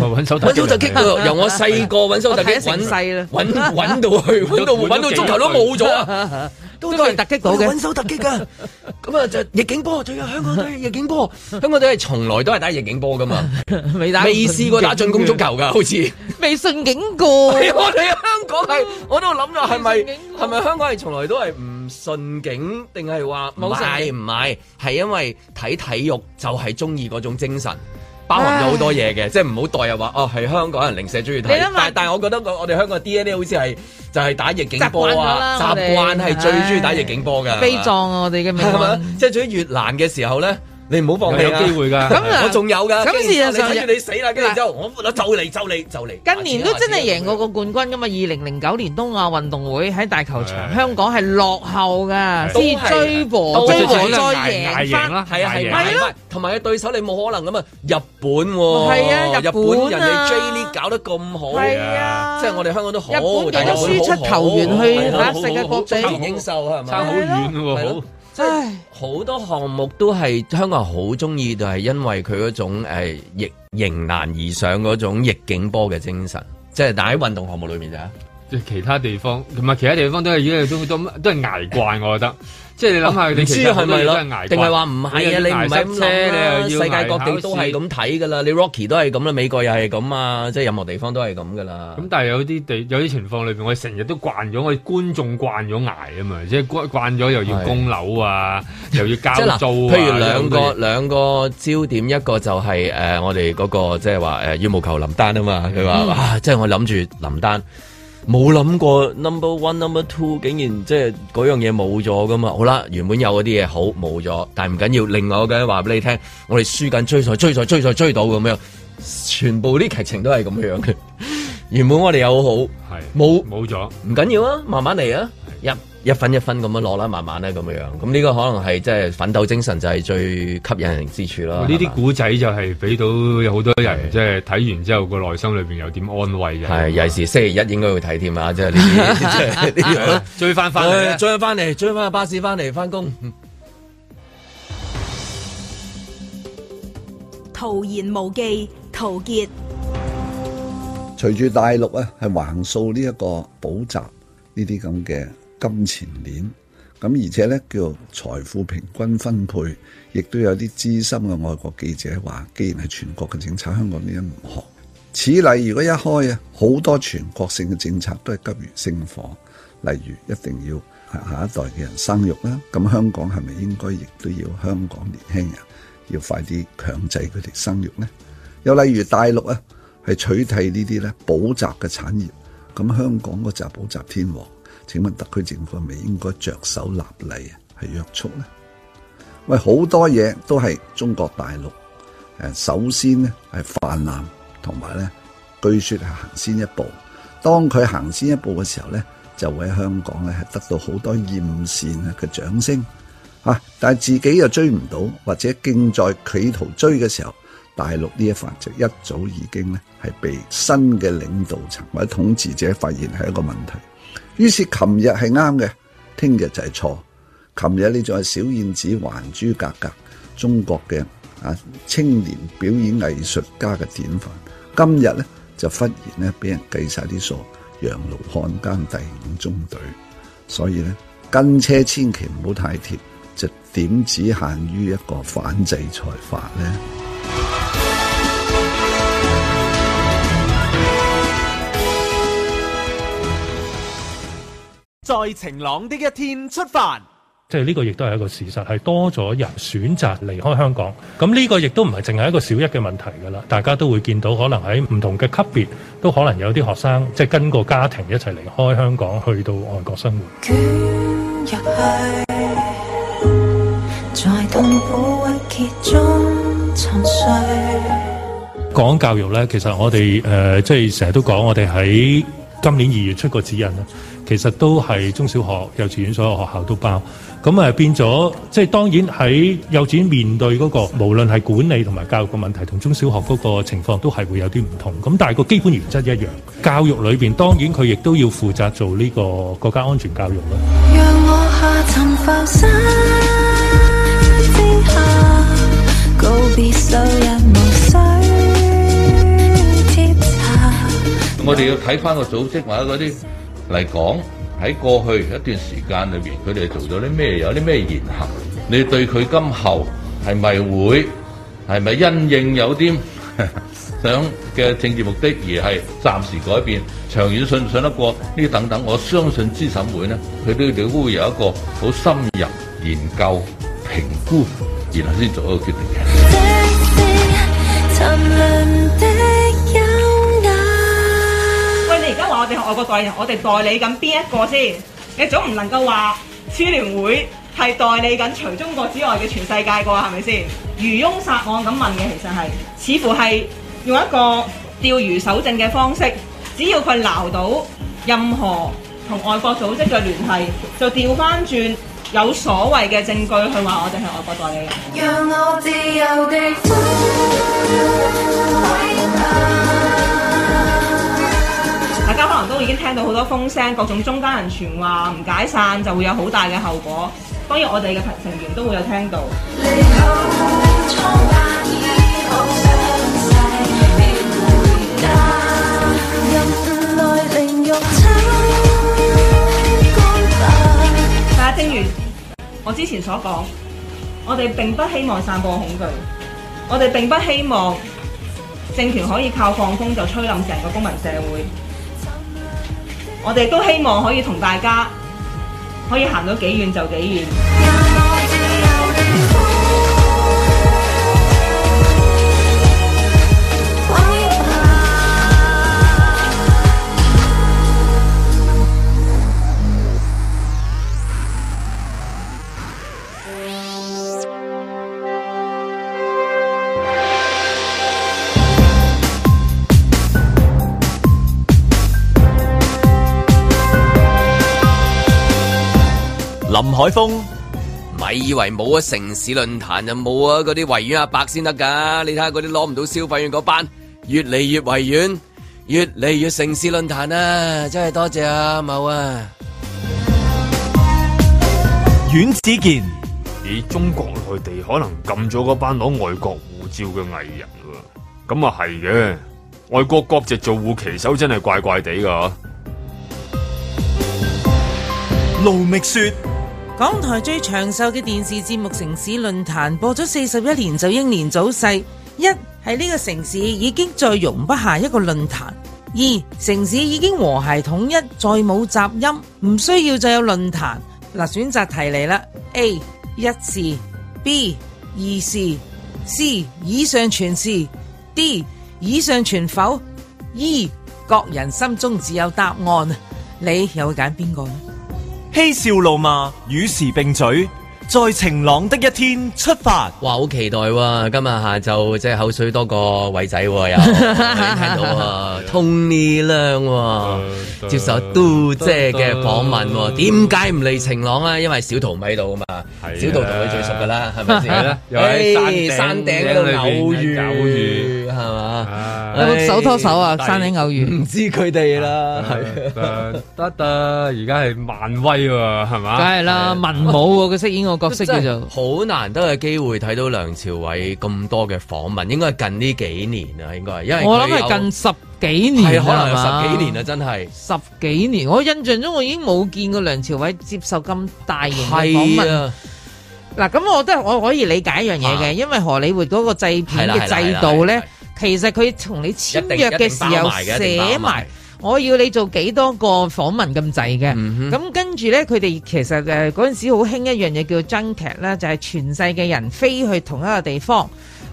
[SPEAKER 1] 揾手特擊，由我細個揾手特擊，揾細啦，揾揾到去，到揾到足球都冇咗。一 <laughs> 都係突擊到嘅，搵手突擊噶，咁啊就逆境波，仲有香港隊逆境波，香港隊係從來都係打逆境波噶嘛，未 <laughs> 打未試過打進攻足球噶，好似未順景過。 <laughs> 哎、我哋香港係，我都諗咗係咪係咪香港係從來都係唔順景，定係話冇晒？唔係，係因為睇體育就係中意嗰種精神。包含咗好多嘢嘅，唉即係唔好代入話哦，係香港人零舍最中意睇，但係但係我覺得我哋香港 DNA 好似係就係、是、打逆境波啊，習慣係最中意打逆境波㗎，悲壯
[SPEAKER 3] 啊我哋嘅，係咪？即
[SPEAKER 1] 係最越難嘅時候咧。你唔好放棄，有機會噶，我仲有噶。咁事實上你死啦，跟住之後我就嚟就嚟就嚟。
[SPEAKER 3] 近年都真係贏過個冠軍噶嘛？二零零九年東亞運動會喺大球場，香港係落後噶，至追和追和再贏翻，係啊，係咯。
[SPEAKER 1] 同埋個對手你冇可能噶嘛？日本係啊，日本人哋 J League 搞得咁好，係啊，即係我哋香港都好，但係輸出球員去亞式嘅各地，出人應秀係嘛，差好遠喎。即係好多項目都係香港人好中意，就係因為佢嗰種誒逆迎難而上嗰種逆境波嘅精神。即係但喺運動項目裏面就
[SPEAKER 2] 即係其他地方，
[SPEAKER 1] 同埋其他地方都係已經都都都係挨慣我覺得。即係你諗下，你
[SPEAKER 2] 知係咪咯？定係話唔係啊？啊你唔係咁你世界各地
[SPEAKER 1] 都係咁睇噶啦。你 Rocky 都係咁啦，美國又係咁啊，即係任何地方都係咁噶啦。咁但係
[SPEAKER 2] 有啲地有啲情況裏邊，我哋成日都慣咗，我哋觀眾慣咗挨啊嘛。即係慣咗
[SPEAKER 1] 又要供樓啊，的又要交租、啊、 <laughs> 譬如兩個兩個焦點，一個就係、是、誒、呃、我哋嗰、那個即係話誒羽毛球林丹啊嘛。佢話、嗯、哇，即係我諗住林丹。冇諗過 number one number two 竟然即係嗰樣嘢冇咗噶嘛，好啦，原本有嗰啲嘢好冇咗，但係唔緊要，另外我梗係話俾你聽，我哋輸緊追賽，追賽，追賽，追到咁樣，全部啲劇情都係咁樣嘅，原本我哋有好，係冇冇咗，唔緊要啊，慢慢嚟啊，入。一分一分咁樣攞啦，慢慢咧咁樣，咁呢個可能係即係奮鬥精神，就係最吸引人之處咯。呢啲古仔
[SPEAKER 2] 就係俾到有好多人，即係睇完之後個內心裏邊有點安慰嘅。係的，尤其樣是星
[SPEAKER 1] 期一應該會睇添啊，即係呢啲，即係呢樣。追翻翻嚟，翻嚟，追翻巴士翻嚟翻工。
[SPEAKER 3] 徒然無忌，陶傑。
[SPEAKER 4] 隨住大陸啊，係橫掃呢一個補習呢啲咁嘅。這金錢鏈，咁而且咧叫財富平均分配，亦都有啲資深嘅外國記者話，既然係全國嘅政策，香港點解唔學？此例如果一開啊，好多全國性嘅政策都係急如星火。例如一定要下一代嘅人生育啦，咁香港係咪應該亦都要香港年輕人要快啲強制佢哋生育呢？又例如大陸啊，係取替取締呢啲咧補習嘅產業，咁香港個就係補習天王。請問特區政府係咪應該着手立例，去約束咧？喂，好多嘢都係中國大陸誒，首先咧係泛濫，同埋咧據說係行先一步。當佢行先一步嘅時候咧，就會喺香港咧係得到好多豔羨啊嘅掌聲啊！但係自己又追唔到，或者正在企圖追嘅時候，大陸呢一法就一早已經咧係被新嘅領導層或者統治者發現係一個問題。於是琴日係啱嘅，聽日就係錯。琴日呢仲係小燕子、還珠格格，中國嘅啊青年表演藝術家嘅典範。今日呢，就忽然呢俾人計晒啲數，洋奴漢奸第五中隊。所以呢，跟車千祈唔好太貼，就點止限於一個反制才法呢。
[SPEAKER 2] 在晴朗的一天出發，即係呢個亦都係一個事實，係多咗人選擇離開香港。咁、這、呢個亦都唔係淨係一個小一嘅問題噶啦，大家都會見到，可能喺唔同嘅級別都可能有啲學生，即係跟個家庭一齊離開香港，去到外國生活。捲
[SPEAKER 3] 入去，在痛苦鬱結中沉睡。
[SPEAKER 2] 講教育呢，其實我哋誒、呃，即係成日都講，我哋喺今年二月出個指引啦。其實都係中小學、幼稚園所有學校都包，咁誒變咗，即係當然喺幼稚園面對嗰個，無論係管理同埋教育嘅問題，同中小學嗰個情況都係會有啲唔同。咁但係個基本原則一樣，教育裏邊當然佢亦都要負責做呢個國家安全教育啦。讓我哋要睇翻個組織或者嗰啲。嚟講喺過去一段時間裏邊，佢哋做咗啲咩？有啲咩言行？你對佢今後係咪會係咪因應有啲 <laughs> 想嘅政治目的而係暫時改變？長遠信唔信得過？呢啲等等，我相信資審會呢，佢都會有一個好深入研究評估，然後先做一個決定
[SPEAKER 1] 嘅。 <music> 我哋係外，外，外，外國代理人，我哋代理緊邊一個先？你總唔能夠話，支聯會係代理緊除中國之外嘅全世界噶係咪先？漁翁撒網咁問嘅，其實
[SPEAKER 3] 係似乎係用一個釣魚搜證嘅方式，只要佢撈到任何同外國組織嘅聯繫，就調翻轉有
[SPEAKER 1] 所謂嘅證據去話我哋係外國代理
[SPEAKER 4] 人。讓我自由大家可
[SPEAKER 3] 能都已經聽到好多風聲，各種中間人傳話，唔解散就會有好大嘅後果。當然，我哋嘅成員都會有聽到。
[SPEAKER 1] 但係正如我之前所講，我哋並不希望散播恐懼，我哋並不希望政權可以靠放風就吹冧成個公民社會。我哋都希望可以同大家可以行到幾遠就幾遠。林海峰，咪以為冇啊！城市論壇就冇啊！嗰啲維園阿伯先得噶，你睇下嗰啲攞唔到消費券嗰班，越嚟越維園，越嚟越城市論壇啦！真係多謝阿、啊、茂啊！阮
[SPEAKER 2] 子健，以中國內地可能撳咗嗰班攞外國護照嘅藝人喎、啊，咁啊係嘅，外國國籍做護旗手真係怪怪地噶、啊。
[SPEAKER 3] 盧覓雪。港台最長壽嘅電視節目《城市論壇》播咗四十一年就英年早逝。一係呢個城市已經再容不下一個論壇；二城市已經和諧統一，再冇雜音，唔需要再有論壇。嗱，選擇題嚟啦：A 一係 B 二係 C 以上全係，D 以上全否。E 各人心中只有答案。你又會揀邊個咧？
[SPEAKER 1] 嬉笑怒罵與時並嘴，在晴朗的一天出發。哇，好期待喎，啊！今日下晝即係口水多過偉仔，啊，又聽到啊喺度 Tony Leung 接受嘟姐嘅訪問，啊。點解唔嚟晴朗啊？因為小桃唔喺度啊嘛，啊小桃同佢最熟噶啦，啊，係咪先？又喺，啊、山頂嗰度偶遇。係嘛？手拖手啊？山頂偶遇，唔知佢哋啦。係得得，而家係漫威喎，係嘛？梗係啦，文武個飾演個角色就好難得有機會，睇到梁朝偉咁多嘅訪問，應該係近呢幾年啦，應該。我諗係近
[SPEAKER 3] 十幾年，可能十幾年啊，真係十幾年。我印象中我已經冇見過梁朝偉接受咁大型嘅訪問。嗱，咁我都我可以理解一樣嘢嘅，因為荷里活嗰個製片嘅制度咧。其實佢同你簽約嘅時候寫埋，我要你做幾多個訪問咁滯嘅，咁、嗯、哼跟住呢，佢哋其實誒嗰陣時好興一樣嘢叫真劇啦，就係、是、全世界嘅人飛去同一個地方。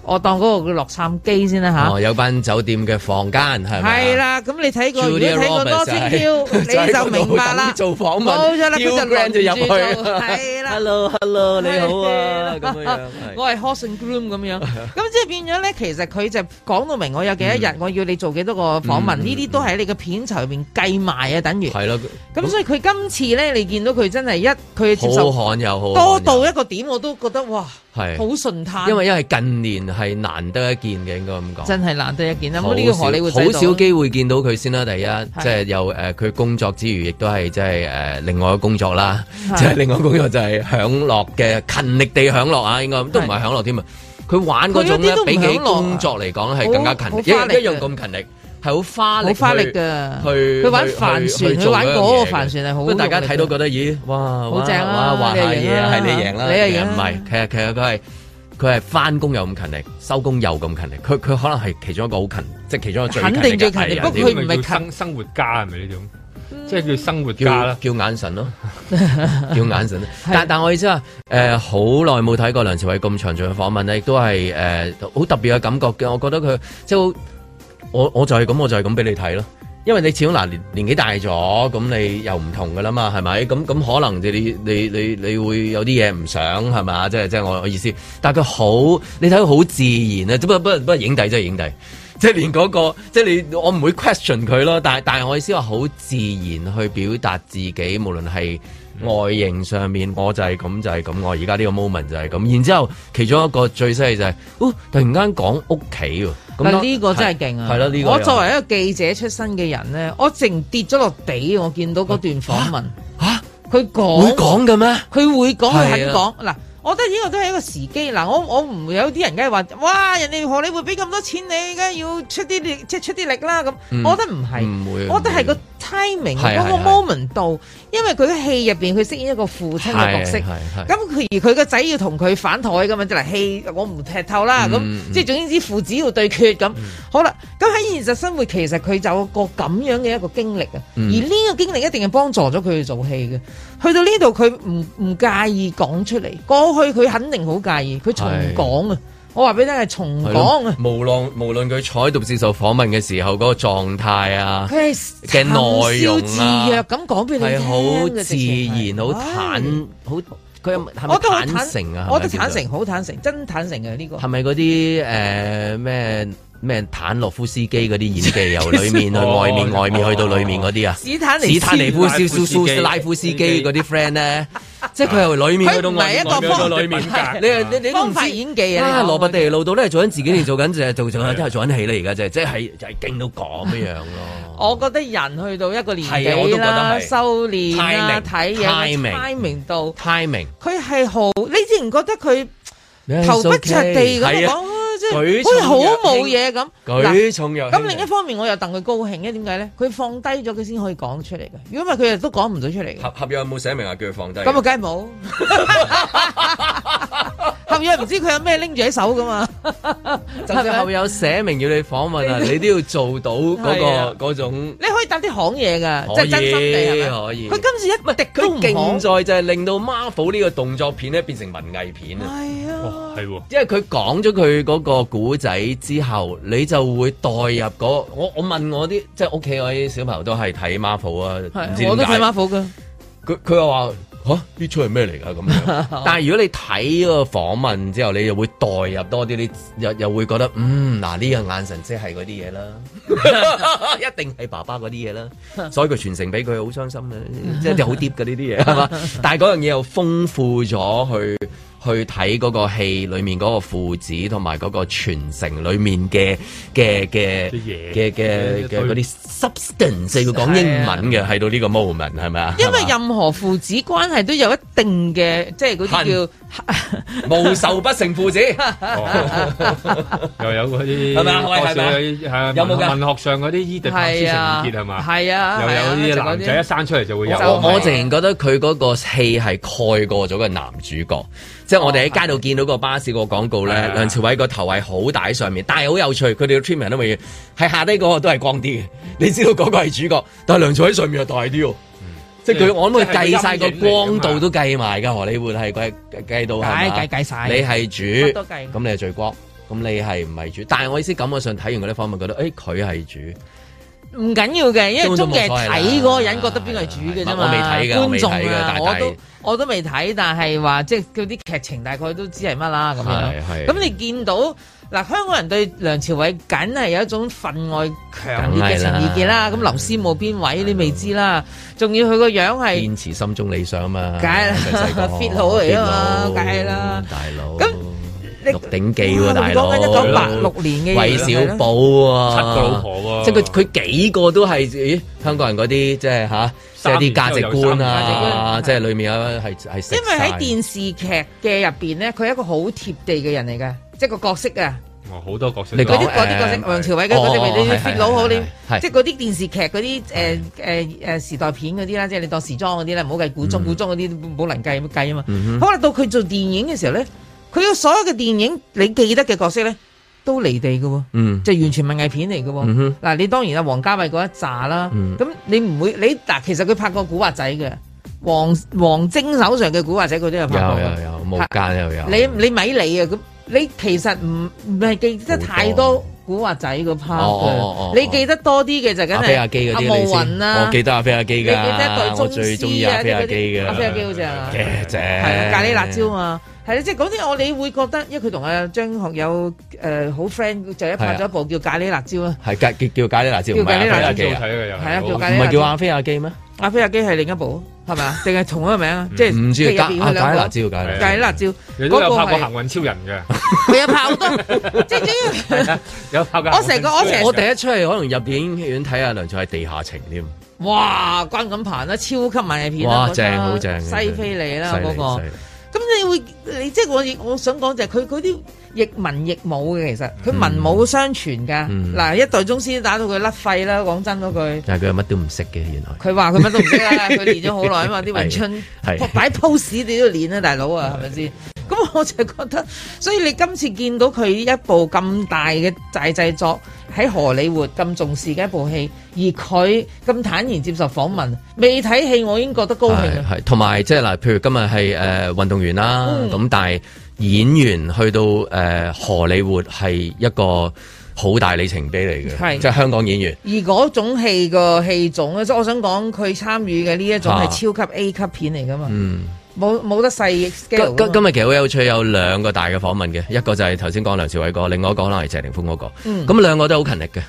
[SPEAKER 3] 我當嗰個叫洛杉磯先啦吓。哦，
[SPEAKER 1] 有班酒店嘅房間係係啦，
[SPEAKER 3] 咁你睇過，你睇過多張票，你就明白啦。做訪問，冇錯啦，佢就入去。係啦，Hello，Hello，你好啊，咁樣。我係 Horse and Groom 咁樣。咁即係變咗咧，其實佢就講到明，我有幾多日，我要你做幾多個訪問，呢啲都喺你嘅片酬入邊計埋啊，等於。係啦。咁所以佢今次咧，你見到佢真係一佢接受。好寒又好。多到一個點，我都覺得哇，
[SPEAKER 1] 係好順嘆。因為因為近年係難得一見嘅，應該咁講。真
[SPEAKER 3] 係難得一見啊！呢個好少機
[SPEAKER 1] 會見到佢先啦。第一，即係有誒，佢工作之餘，亦都係即係誒，另外嘅工作啦，即係另外工作就係享樂嘅，勤力地享樂啊！應該都唔係享樂添啊！佢玩嗰種咧，比起工作嚟講係更加勤力。一樣咁勤力，係好花力，好花力噶。
[SPEAKER 3] 去玩帆船，去玩嗰個帆船係好。大家睇到覺
[SPEAKER 1] 得咦，哇，好正哇，玩下嘢係你贏啦，你又唔係？其實其實佢係。佢係返工又咁勤力，收工又咁勤力，佢佢可能係其中一個好勤，即係其中一個最勤力嘅人。肯定最勤力，不過佢唔係生活家，係咪呢種？即係叫生活家啦，叫眼神咯，叫眼神。但 <laughs> 但，是但我意思啊，誒、呃，好耐冇睇過梁朝偉咁詳盡嘅訪問啦，亦都係誒好特別嘅感覺嘅。我覺得佢即係好，我我就係咁，我就係咁俾你睇咯。因為你始終嗱年年，年紀大咗，咁你又唔同噶啦嘛，係咪？咁咁可能你你你你會有啲嘢唔想係咪？即係即係我我意思。但係佢好，你睇佢好自然啊！不過不不影帝真係影帝，即係嗰個、 <laughs> 即係連嗰個即係你我唔會 question 佢咯。但係但係我意思話好自然去表達自己，無論係外形上面，我就係咁就係、是、咁。我而家呢個 moment 就係咁。然之後其中一個最犀利就係、是，哦，突然間講屋企喎。嗱呢個真係勁啊！這個、我作為一
[SPEAKER 3] 個記者出身嘅人咧，我淨跌咗落地，我見到嗰段訪問嚇，佢講、啊啊、說會講嘅咩？佢會講，佢肯講嗱。了我覺得呢個都係一個時機嗱，我我唔會有啲人梗係話，哇！人哋何李會俾咁多錢你，梗要出啲力，即係出啲力啦咁。我覺得唔係，嗯、會會我覺得係個 timing 嗰的個 moment 度，因為佢戲入邊佢飾演一個父親嘅角色，咁佢而佢個仔要同佢反台咁樣，就係戲我唔踢透啦，咁、嗯、即係總言之父子要對決咁，嗯嗯、好啦。咁喺現實生活，其實佢就有個咁樣嘅一個經歷啊，而呢個經歷一定係幫助咗佢去做戲嘅。去到呢度，佢唔唔介意講出嚟。過去佢肯定好介意，佢重講啊。我話俾你聽係重講啊。
[SPEAKER 1] 無論無論佢坐喺度接受訪問嘅時候嗰個狀態啊，佢係嘅自若啊，咁講俾你好自然，好坦
[SPEAKER 3] 好，佢有我
[SPEAKER 1] 覺得坦誠啊，我覺得坦誠
[SPEAKER 3] 好坦誠，真坦誠啊！呢個係
[SPEAKER 1] 咪嗰啲誒咩？咩坦洛夫斯基嗰啲演技由裏面去外面，外面去到裏面嗰啲啊？斯坦尼斯拉夫斯基嗰啲 friend 咧，即係佢由裏面去到外。一個
[SPEAKER 3] 方法，你係你演技啊？啊，羅
[SPEAKER 1] 拔地路到咧做緊自己，定做緊就係做做下都係做緊戲啦。而家就即係就係勁到咁樣
[SPEAKER 3] 咯。我覺得人去到一個年紀啦，修煉啊，睇嘢，timing 到 timing，佢係好。你之前覺得佢
[SPEAKER 1] 頭不着地咁講。
[SPEAKER 3] 好似好冇嘢舉重若輕，咁嘗另一方面我又戥佢高興，因為點解咧？佢放低咗，佢先可以講出嚟嘅。如果唔係，佢亦都講唔到出嚟
[SPEAKER 1] 嘅。合約有冇寫明啊？叫佢放低。咁啊，梗係
[SPEAKER 3] 冇。後邊唔知佢有咩拎住喺手噶嘛？就算後面有
[SPEAKER 1] 寫明要你訪問啊，你都要做到嗰個種。
[SPEAKER 3] 你可以答啲行嘢噶，即係真心嘅可以。佢今次一唔係，佢勁
[SPEAKER 1] 在就係令到 Marvel 呢個動作片咧變成文藝片啊！係啊，係喎，因為佢講咗佢嗰個古仔之後，你就會代入嗰，我我問我啲，即係屋企我啲小朋友都係睇 Marvel 啊，我都睇 Marvel 噶。佢佢又話。嚇，呢出係咩嚟㗎？咁樣 <laughs> 但係如果你睇個訪問之後，你又會代入多啲，你又又會覺得，嗯，嗱、呃，呢、呢個眼神即係嗰啲嘢啦， <laughs> 一定係爸爸嗰啲嘢啦，所以佢傳承俾佢好傷心嘅，即係好 deep 嘅呢啲嘢係嘛？ <laughs> 但係嗰樣嘢又豐富咗去。去睇嗰個戲裏面嗰個父子同埋嗰個傳承裏面嘅嘅嘅嘅嘅嘅嗰啲 substance，要講英文嘅喺度呢個 moment 係咪啊？因為吧
[SPEAKER 3] 任何父子關係都有一定嘅，即係嗰啲叫。無仇不成父子，
[SPEAKER 1] 又有嗰啲係咪冇文學上嗰啲伊迪
[SPEAKER 3] 亞斯情結係嘛？係啊，又有
[SPEAKER 2] 啲男仔一生出嚟就會有。我我淨
[SPEAKER 1] 係覺得佢嗰個戲係蓋過咗個男主角，即係我哋喺街度見到個巴士個廣告咧，梁朝偉個頭係好大喺上面，但好有趣。佢哋個 trailer 都未，係下低嗰個都係光啲嘅。你知道嗰個係主角，但係梁朝偉上面係大啲。即係佢，我可唔可以計晒個光度都計埋噶？荷里活係計計到係嘛？計計晒。你係主，咁你係最光，咁你係唔係主？但係我意思，感我上睇完嗰啲訪問，覺得誒，佢、欸、係主。
[SPEAKER 3] 唔緊要嘅，因為觀眾睇嗰個人覺得邊個係主嘅啫嘛。我未睇噶、啊，我都我都我未睇，但係話即係嗰啲劇情大概都知係乜啦咁樣。咁你見到？嗱，香港人對梁朝偉梗係有一種份外強烈嘅情意見啦。咁劉師冇邊位你未知啦？仲要佢個樣係堅
[SPEAKER 1] 持心中理想嘛？梗係啦，fit 佬嚟啊嘛？梗
[SPEAKER 3] 係啦，大佬。咁
[SPEAKER 1] 《鹿鼎記》喎，大佬。一九八六年嘅韋小寶喎，七個老婆喎，即係佢佢幾個都係咦，香港人嗰啲即係吓，即係啲價值觀啊，即係裏面有係係。因為喺電
[SPEAKER 3] 視劇嘅入邊咧，佢係一個好貼地嘅人嚟嘅。即係個角色啊！
[SPEAKER 1] 好
[SPEAKER 2] 多角色。嗰啲嗰啲角色，梁朝偉嘅角色，你 f i 佬好你。
[SPEAKER 3] 即係嗰啲電視劇嗰啲誒誒誒時代片嗰啲啦，即係你當時裝嗰啲啦，唔好計古裝，古裝嗰啲冇能計咁計啊嘛。可能到佢做電影嘅時候咧，佢嘅所有嘅電影你記得嘅角色咧，都離地嘅，即係完全文藝片嚟嘅。嗱，你當然啦，王家衛嗰一紮啦。咁你唔會你嗱，其實佢拍過古惑仔嘅，王王晶手上嘅古惑仔佢都有拍過。有有有，武間
[SPEAKER 1] 又有。你你
[SPEAKER 3] 咪你啊咁。你其實唔唔係記得太多古惑仔個 part 嘅，哦哦哦、你記得多啲嘅就梗係阿慕雲啦。我啲、啊哦、
[SPEAKER 1] 得阿飛阿基啊，阿飛阿基啦，我最中意啊阿飛阿基，阿飛阿基好正，咖喱辣椒
[SPEAKER 3] 啊！嘛。係啦，即係嗰啲我哋會覺得，因為佢同阿張學友誒好 friend，就一拍咗一部叫《咖喱辣椒》啦。
[SPEAKER 1] 係咖叫叫《咖喱辣椒》唔係阿飛阿基啊？係啊，叫咖喱。唔係叫阿
[SPEAKER 3] 菲阿基咩？阿菲阿基係另一部，係咪啊？定係同一個名啊？即係唔知咖咖喱辣椒咖喱辣椒，嗰個拍過《行
[SPEAKER 1] 運超人》嘅。佢有拍好多，即係有拍過。我成個我成我第一出嚟可能入電影院睇阿梁楚喺《地下情》添。
[SPEAKER 3] 哇！關錦鵬啦，超級文藝片哇！正好正。西非嚟啦，嗰個。咁、嗯嗯、你會，你即係我，我想講就係佢佢啲亦文亦武嘅，其實佢文武相傳噶。嗱、嗯、一代宗師都打到佢甩肺啦，講真嗰句。
[SPEAKER 1] 但係佢乜都唔識嘅原來。
[SPEAKER 3] 佢話佢乜都唔識啦，佢練咗好耐啊嘛，啲詠春係擺 pose 你都練啊，大佬啊，係咪先？咁我就覺得，所以你今次見到佢呢一部咁大嘅大製作喺荷里活咁重視嘅一部戲，而佢咁坦然接受訪問，未睇戲我已經覺得高興啦。
[SPEAKER 1] 係，同埋即係嗱，譬如今日係誒運動員啦，咁、嗯、但係演員去到誒、呃、荷里活係一個好大里程碑嚟嘅，即係是香港演員。
[SPEAKER 3] 而嗰種戲個戲種咧，即係我想講佢參與嘅呢一種係超級 A 級片嚟㗎嘛。啊嗯冇冇得細，
[SPEAKER 1] 今日其實好有趣，有兩個大嘅訪問嘅，一個就係頭先講梁朝偉個，另外一個可能係謝霆鋒嗰個，咁兩、嗯、個都好勤力嘅，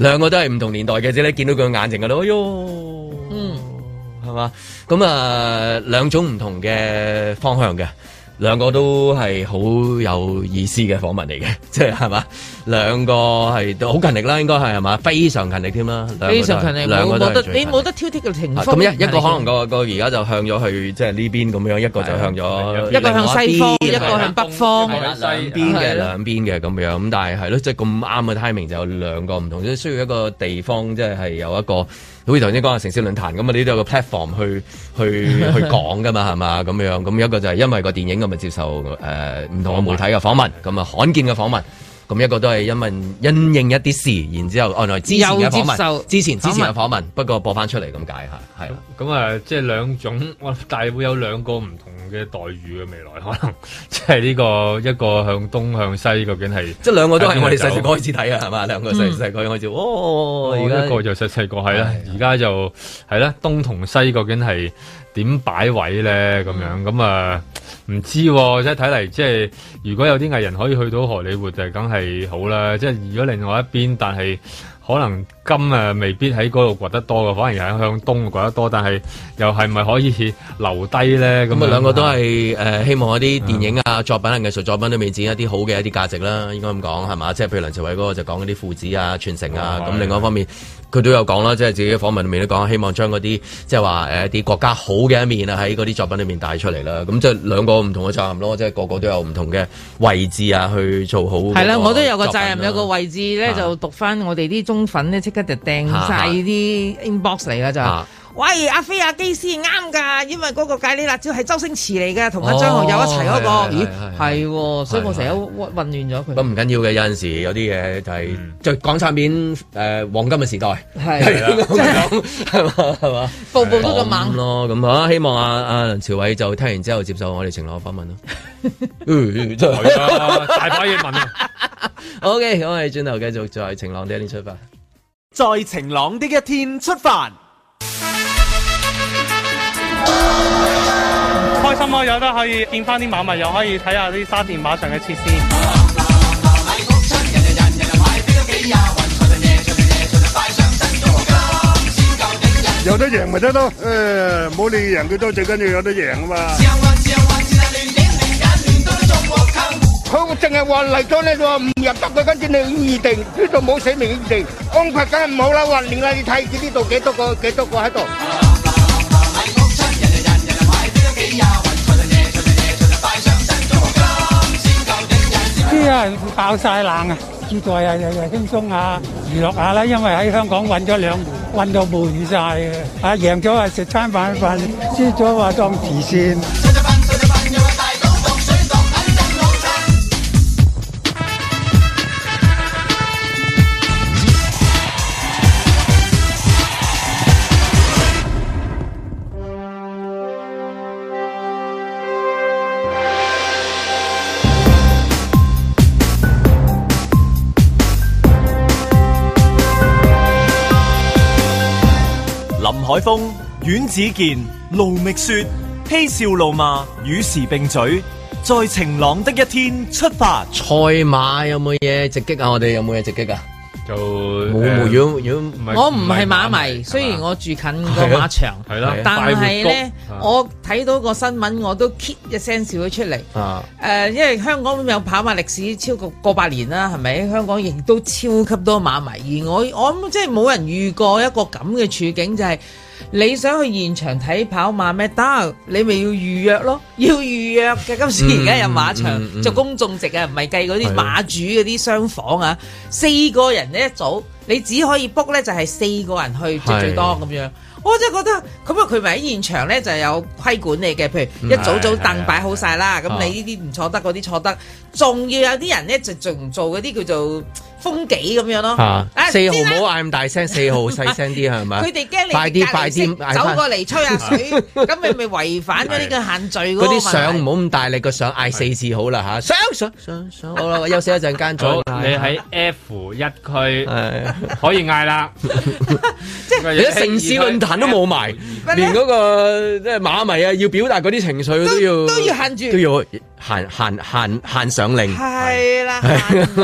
[SPEAKER 1] 兩、嗯、個都係唔同年代嘅，只咧見到佢嘅眼睛嘅咯，哎喲，嗯，係嘛，咁啊兩種唔同嘅方向嘅。兩個都係好有意思嘅訪問嚟嘅，即係係嘛，兩個係都好勤力啦，應該係係嘛，非常勤力添啦，非常勤力，兩個冇得，你
[SPEAKER 3] 冇得挑剔嘅情況。咁一一個可能個
[SPEAKER 1] 個而家就向咗去即係呢邊咁樣，一個就向咗一個向西方，一個向北
[SPEAKER 4] 方，西邊嘅兩
[SPEAKER 1] 邊嘅咁樣，咁但係係咯，即係咁啱嘅 timing 就有兩個唔同，即係需要一個地方，即係係有一個好似頭先講嘅城市論壇咁啊，呢啲有個 platform 去去去講噶嘛，係嘛咁樣，咁一個就係因為個電影。咁啊，接受誒唔同嘅媒體嘅訪問，咁啊罕見嘅訪問，咁一個都係因為因應一啲事，然之後按來之前嘅訪問，之前之前嘅訪問，不過播翻出嚟咁解吓，係
[SPEAKER 2] 咁啊，即係兩種，我大會有兩個唔同嘅待遇嘅未來，可能即係呢個一個向東向西，究竟係即係兩個都係我哋細細個開始睇啊，係嘛？兩個細細個開始，哦，一個就細細個係啦，而家就係啦，東同西究竟係點擺位咧？咁樣咁啊～唔知喎，哦，即係睇嚟，即係如果有啲藝人可以去到荷里活就梗係好啦。即係如果另外一邊，但係可能。金誒未必喺嗰度掘得多嘅，反而又係向東
[SPEAKER 1] 掘得多。但係又係咪可以留低咧？咁啊，兩個都係誒，希望嗰啲電影啊、作品啊、藝術作品裏面展一啲好嘅一啲價值啦。應該咁講，係嘛？即係譬如梁朝偉嗰個就講啲父子啊、傳承啊。咁另外一方面，佢都有講啦，即係自己訪問裏面都講，希望將嗰啲即係話誒啲國家好嘅一面啊，喺嗰啲作品裏面帶出嚟啦。咁即係兩個唔同嘅責任咯，即係個個都有唔同嘅位置啊，去做好。係啦，我都有個責任，有個
[SPEAKER 3] 位置咧，就讀翻我哋啲中粉咧。跟住掟曬啲 inbox 嚟啦就，喂，阿飛阿基師啱噶，因為嗰個咖喱辣椒係周星馳嚟嘅，同阿張學友一齊嗰個，咦係喎，所以我成日混混亂咗佢。咁唔
[SPEAKER 1] 緊要嘅，有陣時有啲嘢就係就港產片誒黃金嘅時代，
[SPEAKER 3] 係係
[SPEAKER 1] 係嘛係嘛，步步都咁猛咯，咁啊希望阿阿梁朝偉就聽完之後接受我哋晴朗嘅訪問咯。嗯，真係啊，大把嘢問。OK，我哋轉頭繼續再晴朗的一天出發。在晴朗的一天出發，開心咯，有得可以見翻啲馬
[SPEAKER 2] 物，又可以睇下啲沙田馬場嘅設施。 <noise> 有得贏咪得咯，誒、呃，冇理贏幾多，最緊要有得贏嘛。我淨係話嚟咗呢度，唔入得佢，跟住你預訂呢度冇死命預訂，安排梗係唔好啦，話亂啦，你睇住呢度幾多個幾多個喺度。係啊，爆晒冷啊，自在啊，又又輕鬆下，娛樂下啦。因為喺香港揾咗兩年，揾到悶晒嘅，啊，贏咗話食餐晚飯，輸咗話當慈善。.
[SPEAKER 1] 海風、阮子健、盧覓雪、嬉笑怒罵、與時並嘴、在晴朗的一天出發。賽馬有冇嘢直擊啊？我哋有冇嘢直擊啊？就冇。冇嗯、如果如果我唔係馬迷，馬迷
[SPEAKER 3] 雖然我住近個馬場，係啦、啊，啊、但係咧，啊、我睇到個新聞，我都 keep 一聲笑咗出嚟。誒、啊，因為香港有跑馬歷史超過過百年啦，係咪？香港亦都超級多馬迷，而我我，我即係冇人遇過一個咁嘅處境，就係、是。你想去現場睇跑馬咩？得，你咪要預約咯，要預約嘅。今時而家有馬場就、嗯嗯嗯、公眾席啊，唔係、嗯嗯、計嗰啲馬主嗰啲商房啊。是的 四個人呢，一組，你只可以 book 咧就係四個人去，是的 最多咁樣。我真係覺得，咁啊佢咪喺現場咧就有規管你嘅，譬如一組組凳擺好晒啦，咁你呢啲唔坐得，嗰啲坐得，仲、哦、要有啲人咧就仲做嗰啲叫做。風紀咁樣咯，四號唔
[SPEAKER 1] 好嗌咁大聲，四號細聲啲係咪？佢哋驚你快啲走過嚟吹下水，
[SPEAKER 3] 咁你咪違反咗呢個限聚嗰啲相
[SPEAKER 1] 唔好咁大力個相，嗌四字好啦吓，上上
[SPEAKER 3] 好啦，休息一陣間再。你
[SPEAKER 1] 喺 F
[SPEAKER 2] 一區可以嗌啦，即係城市論壇都冇埋，
[SPEAKER 1] 連嗰個即係馬迷啊，要表達嗰啲情緒都要都要限住，都要限限限限上令，
[SPEAKER 3] 係啦，咁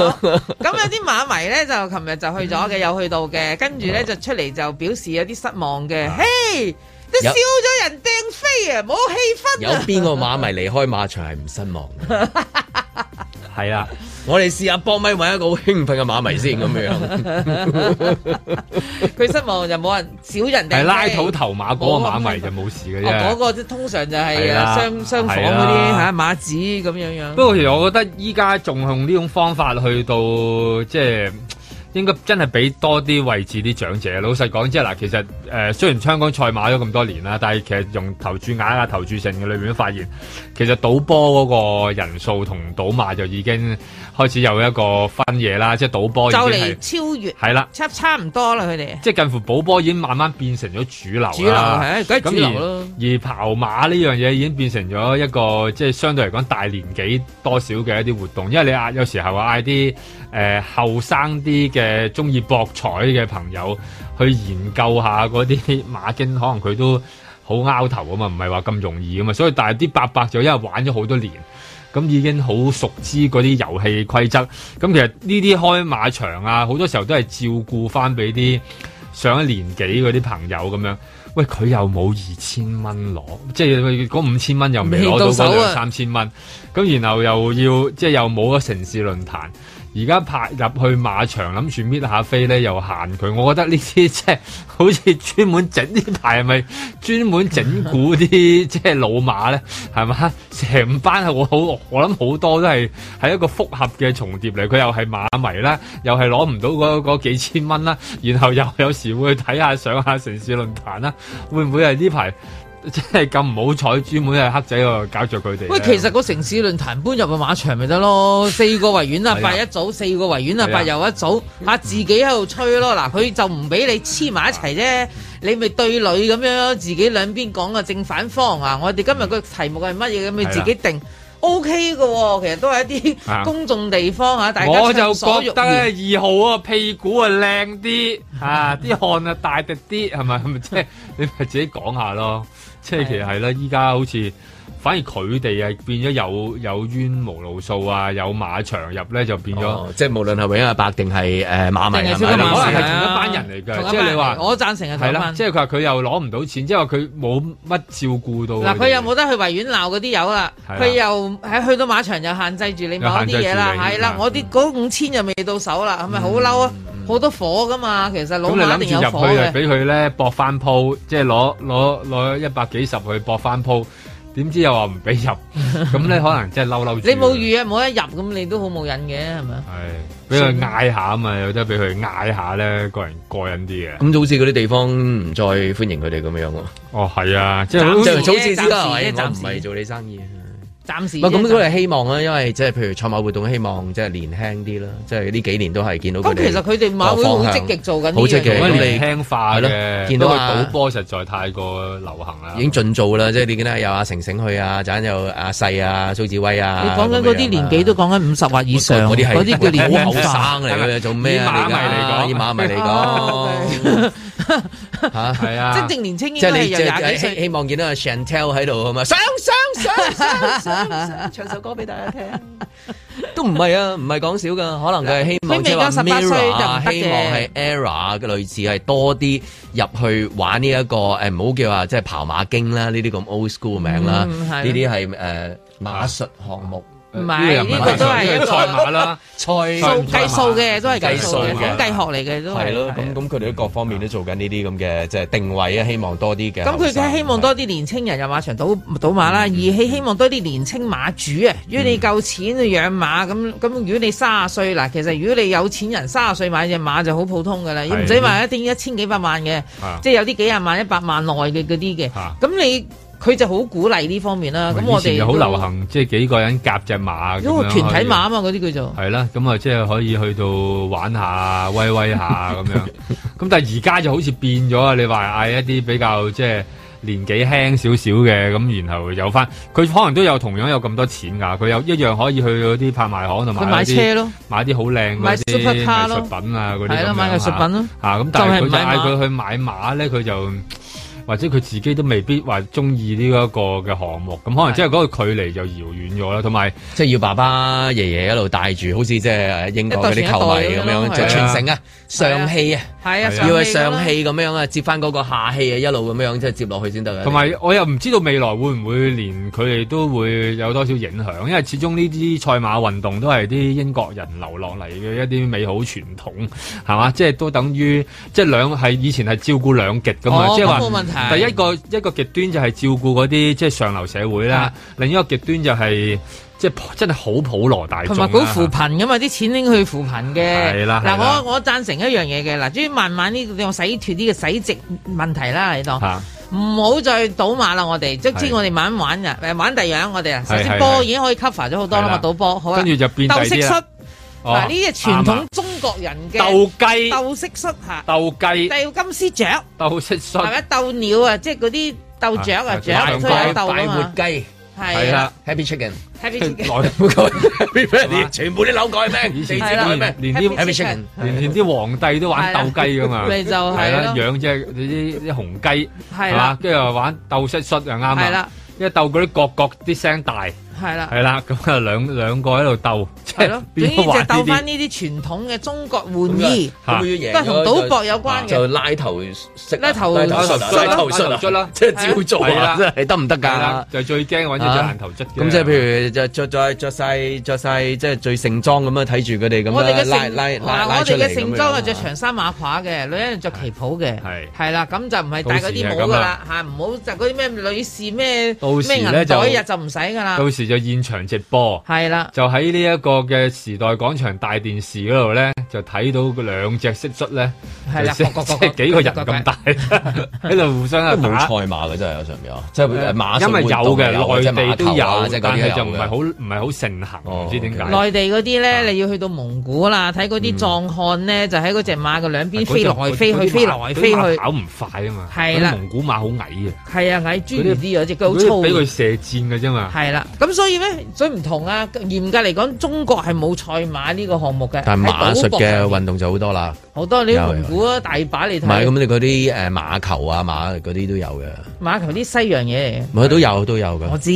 [SPEAKER 3] 有啲。馬迷咧就琴日就去咗嘅，嗯、有去到嘅，跟住咧就出嚟就表示有啲失望嘅，嘿、嗯，hey，都少咗人掟飛有啊，冇氣氛。有邊
[SPEAKER 1] 個馬迷離開馬場係唔失望？ <laughs> 係啦，啊、 <laughs> 我哋試下搏咪搵一個好興奮嘅馬迷先
[SPEAKER 2] 咁樣樣。
[SPEAKER 3] 佢失望就冇人少人哋。係拉土頭馬個馬迷就
[SPEAKER 2] 冇事嘅啫。嗰、 <laughs> 哦嗰
[SPEAKER 3] 個通常就係啊，雙雙房嗰啲吓馬子咁樣樣。不過其實
[SPEAKER 2] 我覺得依家仲用呢種方法去到，即、就、係、是、應該真係俾多啲位置啲長者。老實講，即係嗱，其實誒、呃，雖然香港賽馬咗咁多年啦，但係其實用投注眼啊、投注成嘅裏面發現。其實賭波嗰個人數同賭馬就已經開始有一個分野啦，即係賭波就嚟
[SPEAKER 3] 超越，係啦的，差差唔多啦，佢哋
[SPEAKER 2] 即係近乎賭波已經慢慢變成咗主流主流，係梗主流。主流而，而跑馬呢樣嘢已經變成咗一個即係相對嚟講大年紀多少嘅一啲活動，因為你呀有時候嗌啲誒後生啲嘅中意博彩嘅朋友去研究下嗰啲馬經，可能佢都。好拗頭啊嘛，唔係話咁容易啊嘛，所以但係啲伯伯就因為玩咗好多年，咁已經好熟知嗰啲遊戲規則。咁其實呢啲開馬場啊，好多時候都係照顧翻俾啲上咗年紀嗰啲朋友咁樣。喂，佢又冇二千蚊攞，即係嗰五千蚊又未攞到嗰兩三千蚊，咁然後又要即係又冇咗城市論壇。而家拍入去馬場，諗住搣下飛咧，又行佢。我覺得呢啲即係好似專門整呢排，係咪專門整蠱啲即係老馬咧？係嘛？成班係我好，我諗好多都係喺一個複合嘅重疊嚟。佢又係馬迷啦，又係攞唔到嗰嗰幾千蚊啦，然後又有時會去睇下上下城市論壇啦，會唔會係呢排？即係咁唔好彩，專門係黑仔喎搞着佢哋。喂，其實
[SPEAKER 3] 個城市論壇搬入個馬場咪得咯？四個維園啊，八一組；四是的 個維園啊，八、啊、又一組。嚇，自己喺度吹咯。嗱，佢就唔俾你黐埋一齊啫。你咪對壘咁樣，自己兩邊講啊，正反方啊。我哋今日個題目係乜嘢咁？咪自己定。O K 噶喎，其實都係一啲公眾地方啊。是的 大家暢所欲言。我就覺得
[SPEAKER 2] 二號啊屁股啊靚啲啊，啲汗啊大滴啲，係咪？咪即係你咪自己講下咯。即係其實係啦，依家好似。反而佢哋啊，變咗有有冤無路訴啊，有馬場入咧就變咗、哦，即係無論係永阿伯定係誒馬迷啊，都係同一班人嚟嘅。即係你話，我
[SPEAKER 3] 贊成啊，睇阿
[SPEAKER 2] 即係佢話佢又攞唔到錢，即係話佢冇乜照顧到嗱。佢、啊、又
[SPEAKER 3] 冇得去維園鬧嗰啲友啊？佢又喺去到馬場又限制住你買啲嘢啦。係啦、啊啊，我啲嗰五千又未到手啦，係咪好嬲啊？好、嗯、多火噶嘛，其實老馬一定、嗯嗯、有火嘅。咁就俾
[SPEAKER 2] 佢咧博翻鋪，即係攞攞攞一百幾十去博翻鋪。點知又話唔俾入，咁 <laughs> 你可能即係嬲嬲住。你冇預
[SPEAKER 3] 約冇得入，咁你都好冇癮嘅係咪？係
[SPEAKER 2] 俾佢嗌下啊嘛，了有得俾佢嗌下咧，個人過癮啲嘅。咁就好似嗰啲地方唔再歡迎佢哋咁樣樣哦，
[SPEAKER 1] 係啊，即係就好似而家我唔係做你生意。時咁都係希望啦，因為即係譬如賽馬活動，希望即係年輕啲啦，即係呢幾年都係見到。咁其實佢哋馬會好積極做緊，好積極年輕化嘅。見到佢賭波實在太過流行啦，已經盡做啦。即係你見咧，有阿成成去，陣有阿細啊、蘇志威啊，講緊嗰
[SPEAKER 3] 啲年紀都講緊五十或以上嗰啲佢哋好後生嚟嘅，做咩㗎？以馬迷
[SPEAKER 1] 嚟講，以馬迷嚟講。吓係 <laughs> 啊，真、啊、正,正
[SPEAKER 3] 年輕是，即係你，即係希希
[SPEAKER 1] 望見到阿 Chantelle 喺度啊嘛，上上
[SPEAKER 3] 上上唱首歌俾大家聽，
[SPEAKER 1] <laughs> 都唔係啊，唔係講少噶，可能佢係希望明明、啊、即係 Mirror 希望係 ERROR 嘅類似係多啲入去玩呢、這、一個誒，唔、啊、好叫話即係跑馬經啦，呢啲咁 old school 嘅名啦，呢啲係誒馬術項目。唔係，呢個都係賽馬啦，賽數計數嘅都係計數嘅計學嚟嘅都係。咯，咁咁佢哋都各方面都做緊呢啲咁嘅即係定位啊，希望多啲嘅。咁佢
[SPEAKER 3] 都希望多啲年青人入馬場賭賭馬啦，而係希望多啲年青馬主啊。如果你夠錢去養馬，咁咁如果你卅歲嗱，其實如果你有錢人卅歲買隻馬就好普通㗎喇，唔使買一定一千幾百萬嘅，即係有啲幾廿萬、一百萬內嘅嗰啲嘅。咁你。佢就好鼓勵呢方面啦，咁、嗯、我哋好流行
[SPEAKER 2] 即係幾個人夾隻馬因為，團體馬啊
[SPEAKER 3] 嘛，嗰啲叫做。
[SPEAKER 2] 係啦，咁啊，即係可以去到玩下、威威下咁 <laughs> 樣。咁但係而家就好似變咗啊！你話嗌一啲比較即係年紀輕少少嘅，咁然後有翻，佢可能都有同樣有咁多錢㗎，佢有一樣可以去嗰啲拍賣行同埋。佢買車咯。買啲好靚嘅啲藝術品啊，嗰啲咁樣嚇。買嘅藝術品咯。嚇咁樣、啊，但係佢就嗌佢去買馬咧，佢就。或者佢自己都未必話中意呢一個嘅項目，咁可能即係嗰個距離就遙遠咗啦，同埋
[SPEAKER 1] 的有即係要爸爸爺爺一路帶住，好似即係誒英國嗰啲球迷咁樣，就傳承啊、的上戲啊。係啊，要係上氣咁樣啊，接翻嗰個下氣啊，一路咁樣即係接落去先得嘅。同埋
[SPEAKER 2] 我又唔知道未來會唔會連佢哋都會有多少影響，因為始終呢啲賽馬運動都係啲英國人流落嚟嘅一啲美好傳統，係嘛？即係都等於即係兩係以前係照顧兩極咁啊，即係話冇問題，第一個一個極端就係照顧嗰啲即係上流社會啦，的另一個極端就係、是。即係真係好普羅大眾，同埋佢扶
[SPEAKER 3] 貧噶嘛，啲錢拎去扶貧嘅。係啦，嗱，我我贊成一樣嘢嘅，嗱，即係慢慢呢樣洗脫呢個洗值問題啦，喺度，唔好再賭馬啦，我哋即係知我哋慢慢玩嘅，誒，玩第二樣，我哋啊，首先波已經可以 cover 咗好多啦嘛，賭波，好，跟住就變鬥蟋蟀，嗱，呢啲傳統中國人嘅鬥雞、鬥蟋蟀吓、鬥雞、鬥金絲雀、鬥蟋蟀，係咪鬥鳥啊？即係嗰啲鬥雀啊、雀推鬥啊嘛。係啦，Happy
[SPEAKER 1] Chicken，Happy Family，全部啲扭改咩？以
[SPEAKER 2] 前啲咩，連啲 Happy Chicken，連皇帝都玩鬥雞㗎嘛？咪係咯，養隻啲啲紅雞，跟住又玩鬥蟋蟀又啱啊，因為鬥嗰啲角角啲聲大。係啦，係啦，咁啊兩兩個喺度鬥，即係，終於就鬥翻
[SPEAKER 3] 呢啲傳統嘅中國玩意，都係同賭博有關嘅，就
[SPEAKER 1] 拉頭，拉頭，洗頭出
[SPEAKER 2] 啦，即係照做啊，即係得唔得噶？就最驚搵啲爛頭出，
[SPEAKER 1] 咁即係譬如着着着晒着晒，即係最盛裝咁啊睇住佢哋咁樣拉拉拉拉出嚟咁樣。我哋嘅盛
[SPEAKER 3] 裝係着長衫馬褂嘅，女人着旗袍嘅，係係啦，咁就唔係戴嗰啲帽噶啦，吓唔好就嗰啲咩女士咩咩銀袋，日就唔使噶啦
[SPEAKER 2] 就現場直播，係啦，就喺呢一個嘅時代廣場大電視嗰度咧，就睇到兩隻蟋蟀咧，即係幾個人咁大喺度互相啊賽馬嘅真係上面，啊，即係馬，因為有嘅內地都有，但係就唔係好唔係好盛行，唔知點解內
[SPEAKER 3] 地嗰啲咧，你要去到蒙古啦，睇嗰啲壯漢咧，就喺嗰隻馬嘅兩邊飛來飛去，飛來飛去
[SPEAKER 2] 跑唔快啊嘛，係啦，蒙古馬好矮啊，
[SPEAKER 3] 係啊，矮侏儒啲有隻，佢好粗，俾佢
[SPEAKER 2] 射箭嘅啫嘛，
[SPEAKER 3] 係啦，咁。所以咧，所以唔同啊！嚴格嚟講，中國係冇賽馬呢個項目嘅，但係馬術嘅
[SPEAKER 1] 運動就好多啦，
[SPEAKER 3] 好多你啲蒙古啊大把你睇。唔係咁，
[SPEAKER 1] 你嗰啲誒馬球啊、馬嗰啲都有嘅。
[SPEAKER 3] 馬球啲西洋嘢，嚟嘅，
[SPEAKER 1] 咪都有都有嘅。
[SPEAKER 2] 我知，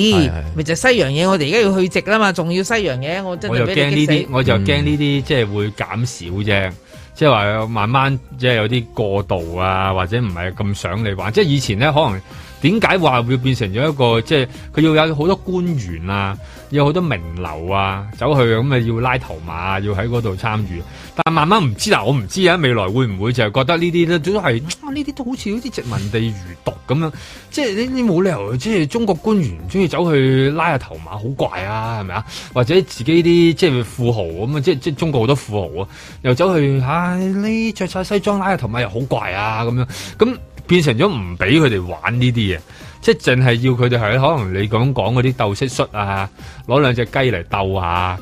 [SPEAKER 3] 咪就西洋嘢。我哋而家要去直啦嘛，仲要西洋嘢，我真係驚呢啲，我就驚呢
[SPEAKER 2] 啲即係會減少啫。即係話慢慢即係有啲過度啊，或者唔係咁想你玩。即係以前咧，可能。點解話會變成咗一個即係佢要有好多官員啊，要有好多名流啊，走去咁啊，要拉頭馬，要喺嗰度參與。但係慢慢唔知，嗱我唔知啊，未來會唔會就係覺得呢啲咧都係呢啲都好似好似殖民地馀毒咁樣，即係呢啲冇理由，即係中國官員中意走去拉下頭馬，好怪啊，係咪啊？或者自己啲即係富豪咁啊，即係即係中國好多富豪啊，又走去吓呢着晒西裝拉下頭馬又好怪啊，咁樣咁。變成咗唔俾佢哋玩呢啲嘢，即係淨係要佢哋喺可能你咁講嗰啲鬥蟋蟀啊，攞兩隻雞嚟鬥下。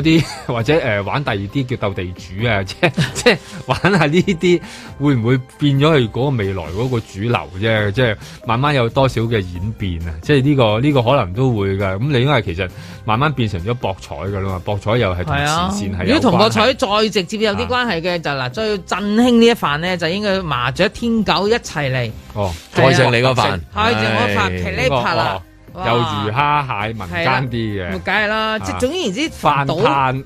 [SPEAKER 2] 啲或者誒、呃、玩第二啲叫鬥地主啊，即係即係玩下呢啲，會唔會變咗佢嗰個未來嗰個主流啫？即係慢慢有多少嘅演變啊？即係呢、呢個呢、呢個可能都會㗎。咁你應該係其實慢慢變成咗博彩㗎啦嘛，博彩又係同慈善係。如果同博彩
[SPEAKER 3] 再直接有啲關係嘅，啊、就嗱，再振興一呢一份咧，就應該麻雀天九一齊嚟。
[SPEAKER 2] 哦，蓋、啊、上你是個飯，蓋上我飯，噼哩啪啦。又魚蝦蟹民間啲嘅，梗係啦，即係總言之，賭同牽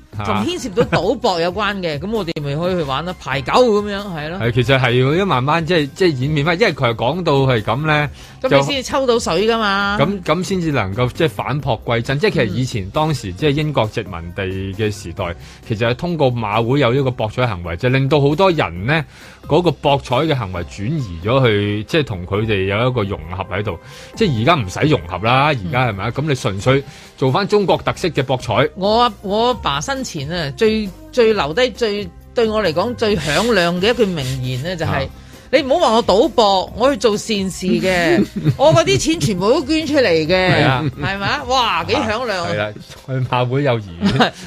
[SPEAKER 2] 涉
[SPEAKER 3] 到賭博有關嘅，咁 <laughs> 我哋咪可以去玩啦，牌九咁樣係咯。係
[SPEAKER 2] 其實係喎，一慢慢即係即係演變翻，因為佢係講到係咁咧，嗯、
[SPEAKER 3] 就先至抽到水噶嘛。咁
[SPEAKER 2] 咁先至能夠即係反璞歸真。即係其實以前，以前當時即係英國殖民地嘅時代，其實係通過馬會有呢個博彩行為，就是、令到好多人呢。嗰個博彩嘅行為轉移咗去，即係同佢哋有一個融合喺度。即係而家唔使融合啦，而家係咪啊？咁、嗯、你純粹做翻中國特色嘅博彩。
[SPEAKER 3] 我我爸生前啊，最最留低最對我嚟講最響亮嘅一句名言咧、就係，就係、啊。你唔好話我賭博，我去做善事嘅，我嗰啲錢全部都捐出嚟嘅，係咪？哇，幾響亮！
[SPEAKER 2] 係啦，賽
[SPEAKER 1] 馬會幼兒，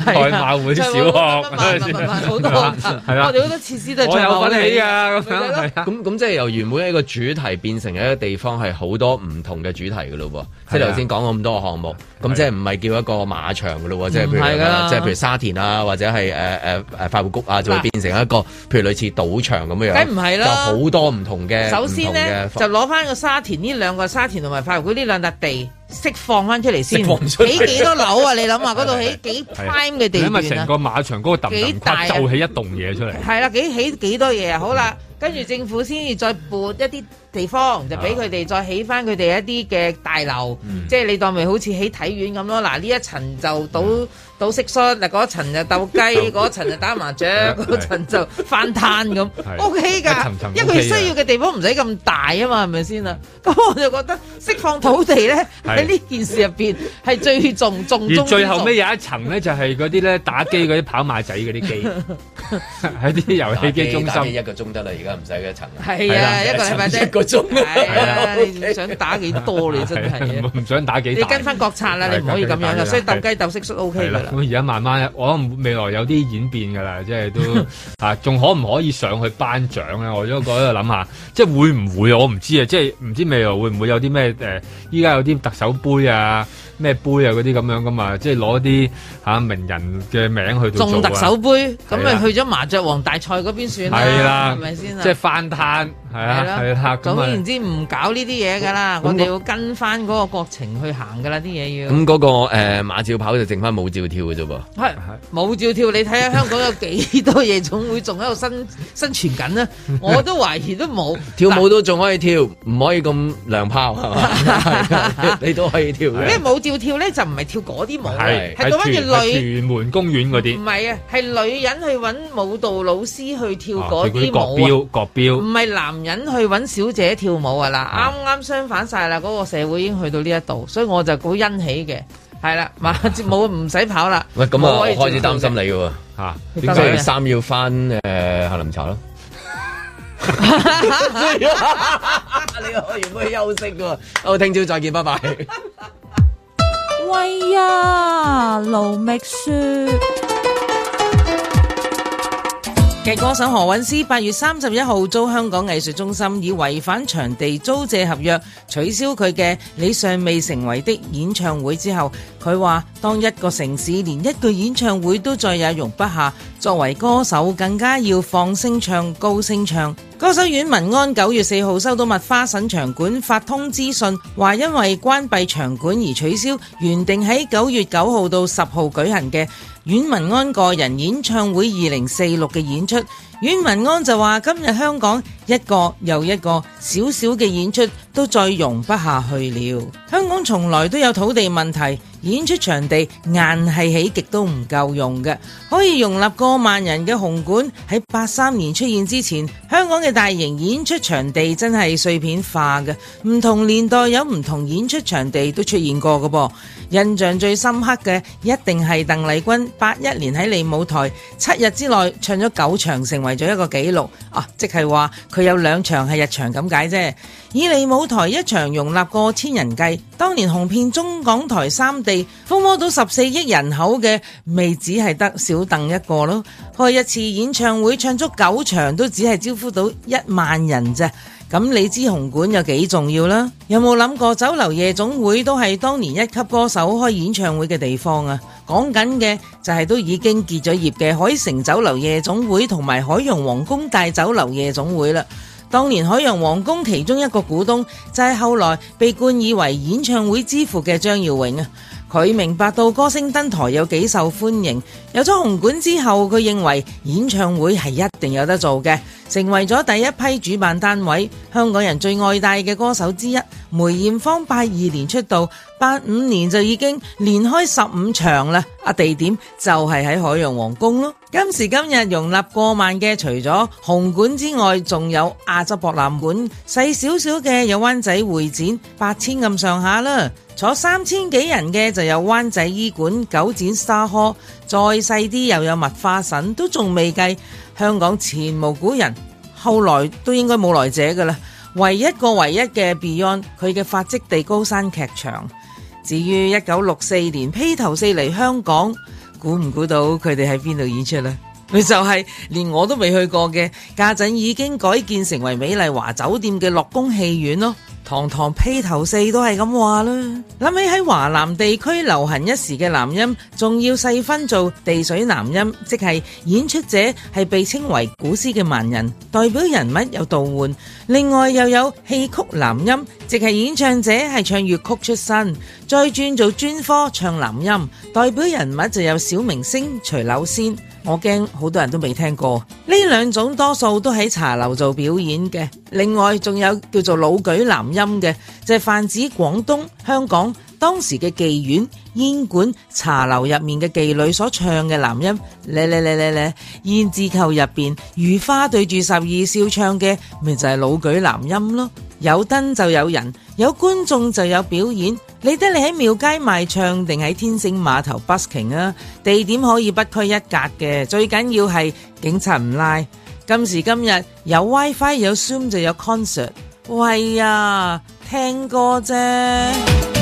[SPEAKER 2] 賽馬會小學，好多係啦。我哋好
[SPEAKER 3] 多設施都係創新起啊！
[SPEAKER 1] 咁咁即係由原本一個主題變成一個地方，係好多唔同嘅主題嘅咯噃。即係頭先講咁多項目，咁即係唔係叫一個馬場嘅咯？即係唔係㗎？即係譬如沙田啊，或者係誒誒誒發發局啊，就會變成一個譬如類似賭場咁樣樣，梗唔係啦，就好。多唔同嘅，首先咧就攞
[SPEAKER 3] 翻個沙田呢兩個沙田同埋發育區呢兩笪地釋放翻出嚟先，起幾多樓啊？你諗下嗰度起幾 prime 嘅地段啊？咁啊，成個
[SPEAKER 2] 馬場嗰個揼幾大，就起一棟嘢出嚟。
[SPEAKER 3] 係啦，幾起幾多嘢啊？ <laughs> 好啦，跟住政府先至再撥一啲。地方就俾佢哋再起翻佢哋一啲嘅大樓，即係你當咪好似起體院咁咯。嗱呢一層就鬥鬥蟋蟀，嗱嗰一層就鬥雞，嗰一層就打麻雀，嗰層就番攤咁，OK 㗎。一層層，因為佢需要嘅地方唔使咁大啊嘛，係咪先啊？咁我就覺得釋放土地咧喺呢件事入邊係最重重中之重。而最後尾
[SPEAKER 2] 有一層咧，就係嗰啲咧打機嗰啲跑馬仔嗰啲機，喺啲遊戲機中心一
[SPEAKER 1] 個鐘得啦，而家唔使一層。
[SPEAKER 2] 係啊，一層咪得一個。
[SPEAKER 3] 係啊！你想打幾多你真係，唔
[SPEAKER 2] 想打幾多？你跟
[SPEAKER 3] 翻國策啦，你唔可以咁樣嘅，所以鬥雞鬥色叔 OK 啦。咁
[SPEAKER 2] 而家慢慢，我未來有啲演變嘅啦，即係都嚇仲可唔可以上去頒獎咧？我都喺度諗下，即係會唔會？我唔知啊，即係唔知未來會唔會有啲咩誒？依家有啲特首杯啊、咩杯啊嗰啲咁樣嘅嘛，即係攞啲嚇名人嘅名去。中特首杯咁咪去咗
[SPEAKER 3] 麻雀王大賽嗰邊算啦，係咪先？即係
[SPEAKER 1] 飯攤。
[SPEAKER 2] 係啦，係啦，總言之
[SPEAKER 3] 唔搞呢啲嘢噶啦，我哋要跟翻嗰個國情去行噶啦，啲嘢要。咁
[SPEAKER 1] 嗰個誒馬照跑就剩翻舞照跳嘅啫噃。係
[SPEAKER 3] 係舞照跳，你睇下香港有幾多夜總會仲喺度生生存緊咧？我都懷疑都冇跳舞都
[SPEAKER 1] 仲可以跳，唔可以咁涼拋係嘛？係啊，你都可以跳。
[SPEAKER 2] 即係舞
[SPEAKER 3] 照跳咧，就唔係跳嗰啲舞，係係關於女全
[SPEAKER 2] 門公園嗰啲。
[SPEAKER 3] 唔係啊，係女人去揾舞蹈老師去跳嗰啲舞。國標國標唔係男人去揾小姐跳舞啊！嗱，啱啱相反晒啦，嗰、那個社會已經去到呢一度，所以我就好欣喜嘅，係啦，冇唔使跑啦。喂、啊，咁、啊、我開始擔心你
[SPEAKER 1] 喎，吓、啊，點解三要翻誒、呃、下林茶咯？
[SPEAKER 3] 你可唔可以休息
[SPEAKER 1] 嘅？好，聽朝再見，拜拜。
[SPEAKER 3] <laughs> 喂呀，盧覓雪。嘅歌手何韻詩八月三十一號遭香港藝術中心以違反場地租借合約取消佢嘅你尚未成為的演唱會之後，佢話：當一個城市連一個演唱會都再也容不下，作為歌手更加要放聲唱、高聲唱。歌手阮文安九月四號收到麥花臣場館發通知信，話因為關閉場館而取消原定喺九月九號到十號舉行嘅阮文安個人演唱會二零四六嘅演出。阮文安就話：今日香港一個又一個小小嘅演出都再容不下去了。香港從來都有土地問題，演出場地硬係起極都唔夠用嘅。可以容納過萬人嘅紅館喺八三年出現之前，香港嘅大型演出場地真係碎片化嘅。唔同年代有唔同演出場地都出現過嘅噃。印象最深刻嘅一定係鄧麗君，八一年喺利舞台七日之內唱咗九場，成為咗一個紀錄。啊，即係話佢有兩場係日場咁解啫。以利舞台一場容納過千人計，當年紅遍中港台三地，覆蓋到十四億人口嘅，未止只係得小鄧一個咯。開一次演唱會唱足九場都只係招呼到一萬人啫。咁你知紅館有幾重要啦？有冇諗過酒樓夜總會都係當年一級歌手開演唱會嘅地方啊？講緊嘅就係、是、都已經結咗業嘅海城酒樓夜總會同埋海洋皇宮大酒樓夜總會啦。當年海洋皇宮其中一個股東，就係後來被冠以為演唱會之父嘅張耀榮啊！佢明白到歌星登台有幾受歡迎，有咗紅館之後，佢認為演唱會係一定有得做嘅，成為咗第一批主辦單位。香港人最愛戴嘅歌手之一梅艷芳，八二年出道，八五年就已經連開十五場啦！啊，地點就係喺海洋皇宮咯。今時今日容納過萬嘅，除咗紅館之外，仲有亞洲博覽館，細少少嘅有灣仔會展，八千咁上下啦。坐三千幾人嘅就有灣仔伊館、九展 Star Hall，再細啲又有麥花臣，都仲未計。香港前無古人，後來都應該冇來者噶啦。唯一個唯一嘅 Beyond，佢嘅發迹地高山劇場。至於一九六四年披頭四嚟香港。估唔估到佢哋喺邊度演出呢？啦？就係、是、連我都未去過嘅，家陣已經改建成為美麗華酒店嘅樂宮戲院咯。堂堂披頭四都係咁話啦。諗起喺華南地區流行一時嘅南音，仲要細分做地水南音，即係演出者係被稱為瞽師嘅盲人，代表人物有杜煥。另外又有戲曲南音，即係演唱者係唱粵曲出身，再轉做專科唱南音。代表人物就有小明星徐柳仙，我驚好多人都未聽過。呢兩種多數都喺茶樓做表演嘅。另外仲有叫做老舉南音嘅，就係泛指廣東、香港。當時嘅妓院、煙館、茶樓入面嘅妓女所唱嘅男音，你、你、你、你、你胭脂扣入邊，如花對住十二少唱嘅，咪就係老舉男音咯。有燈就有人，有觀眾就有表演。你得你喺廟街賣唱，定喺天星碼頭 busking 啊？地點可以不拘一格嘅，最緊要係警察唔拉。今時今日有 WiFi 有 Zoom 就有 concert，喂呀，聽歌啫～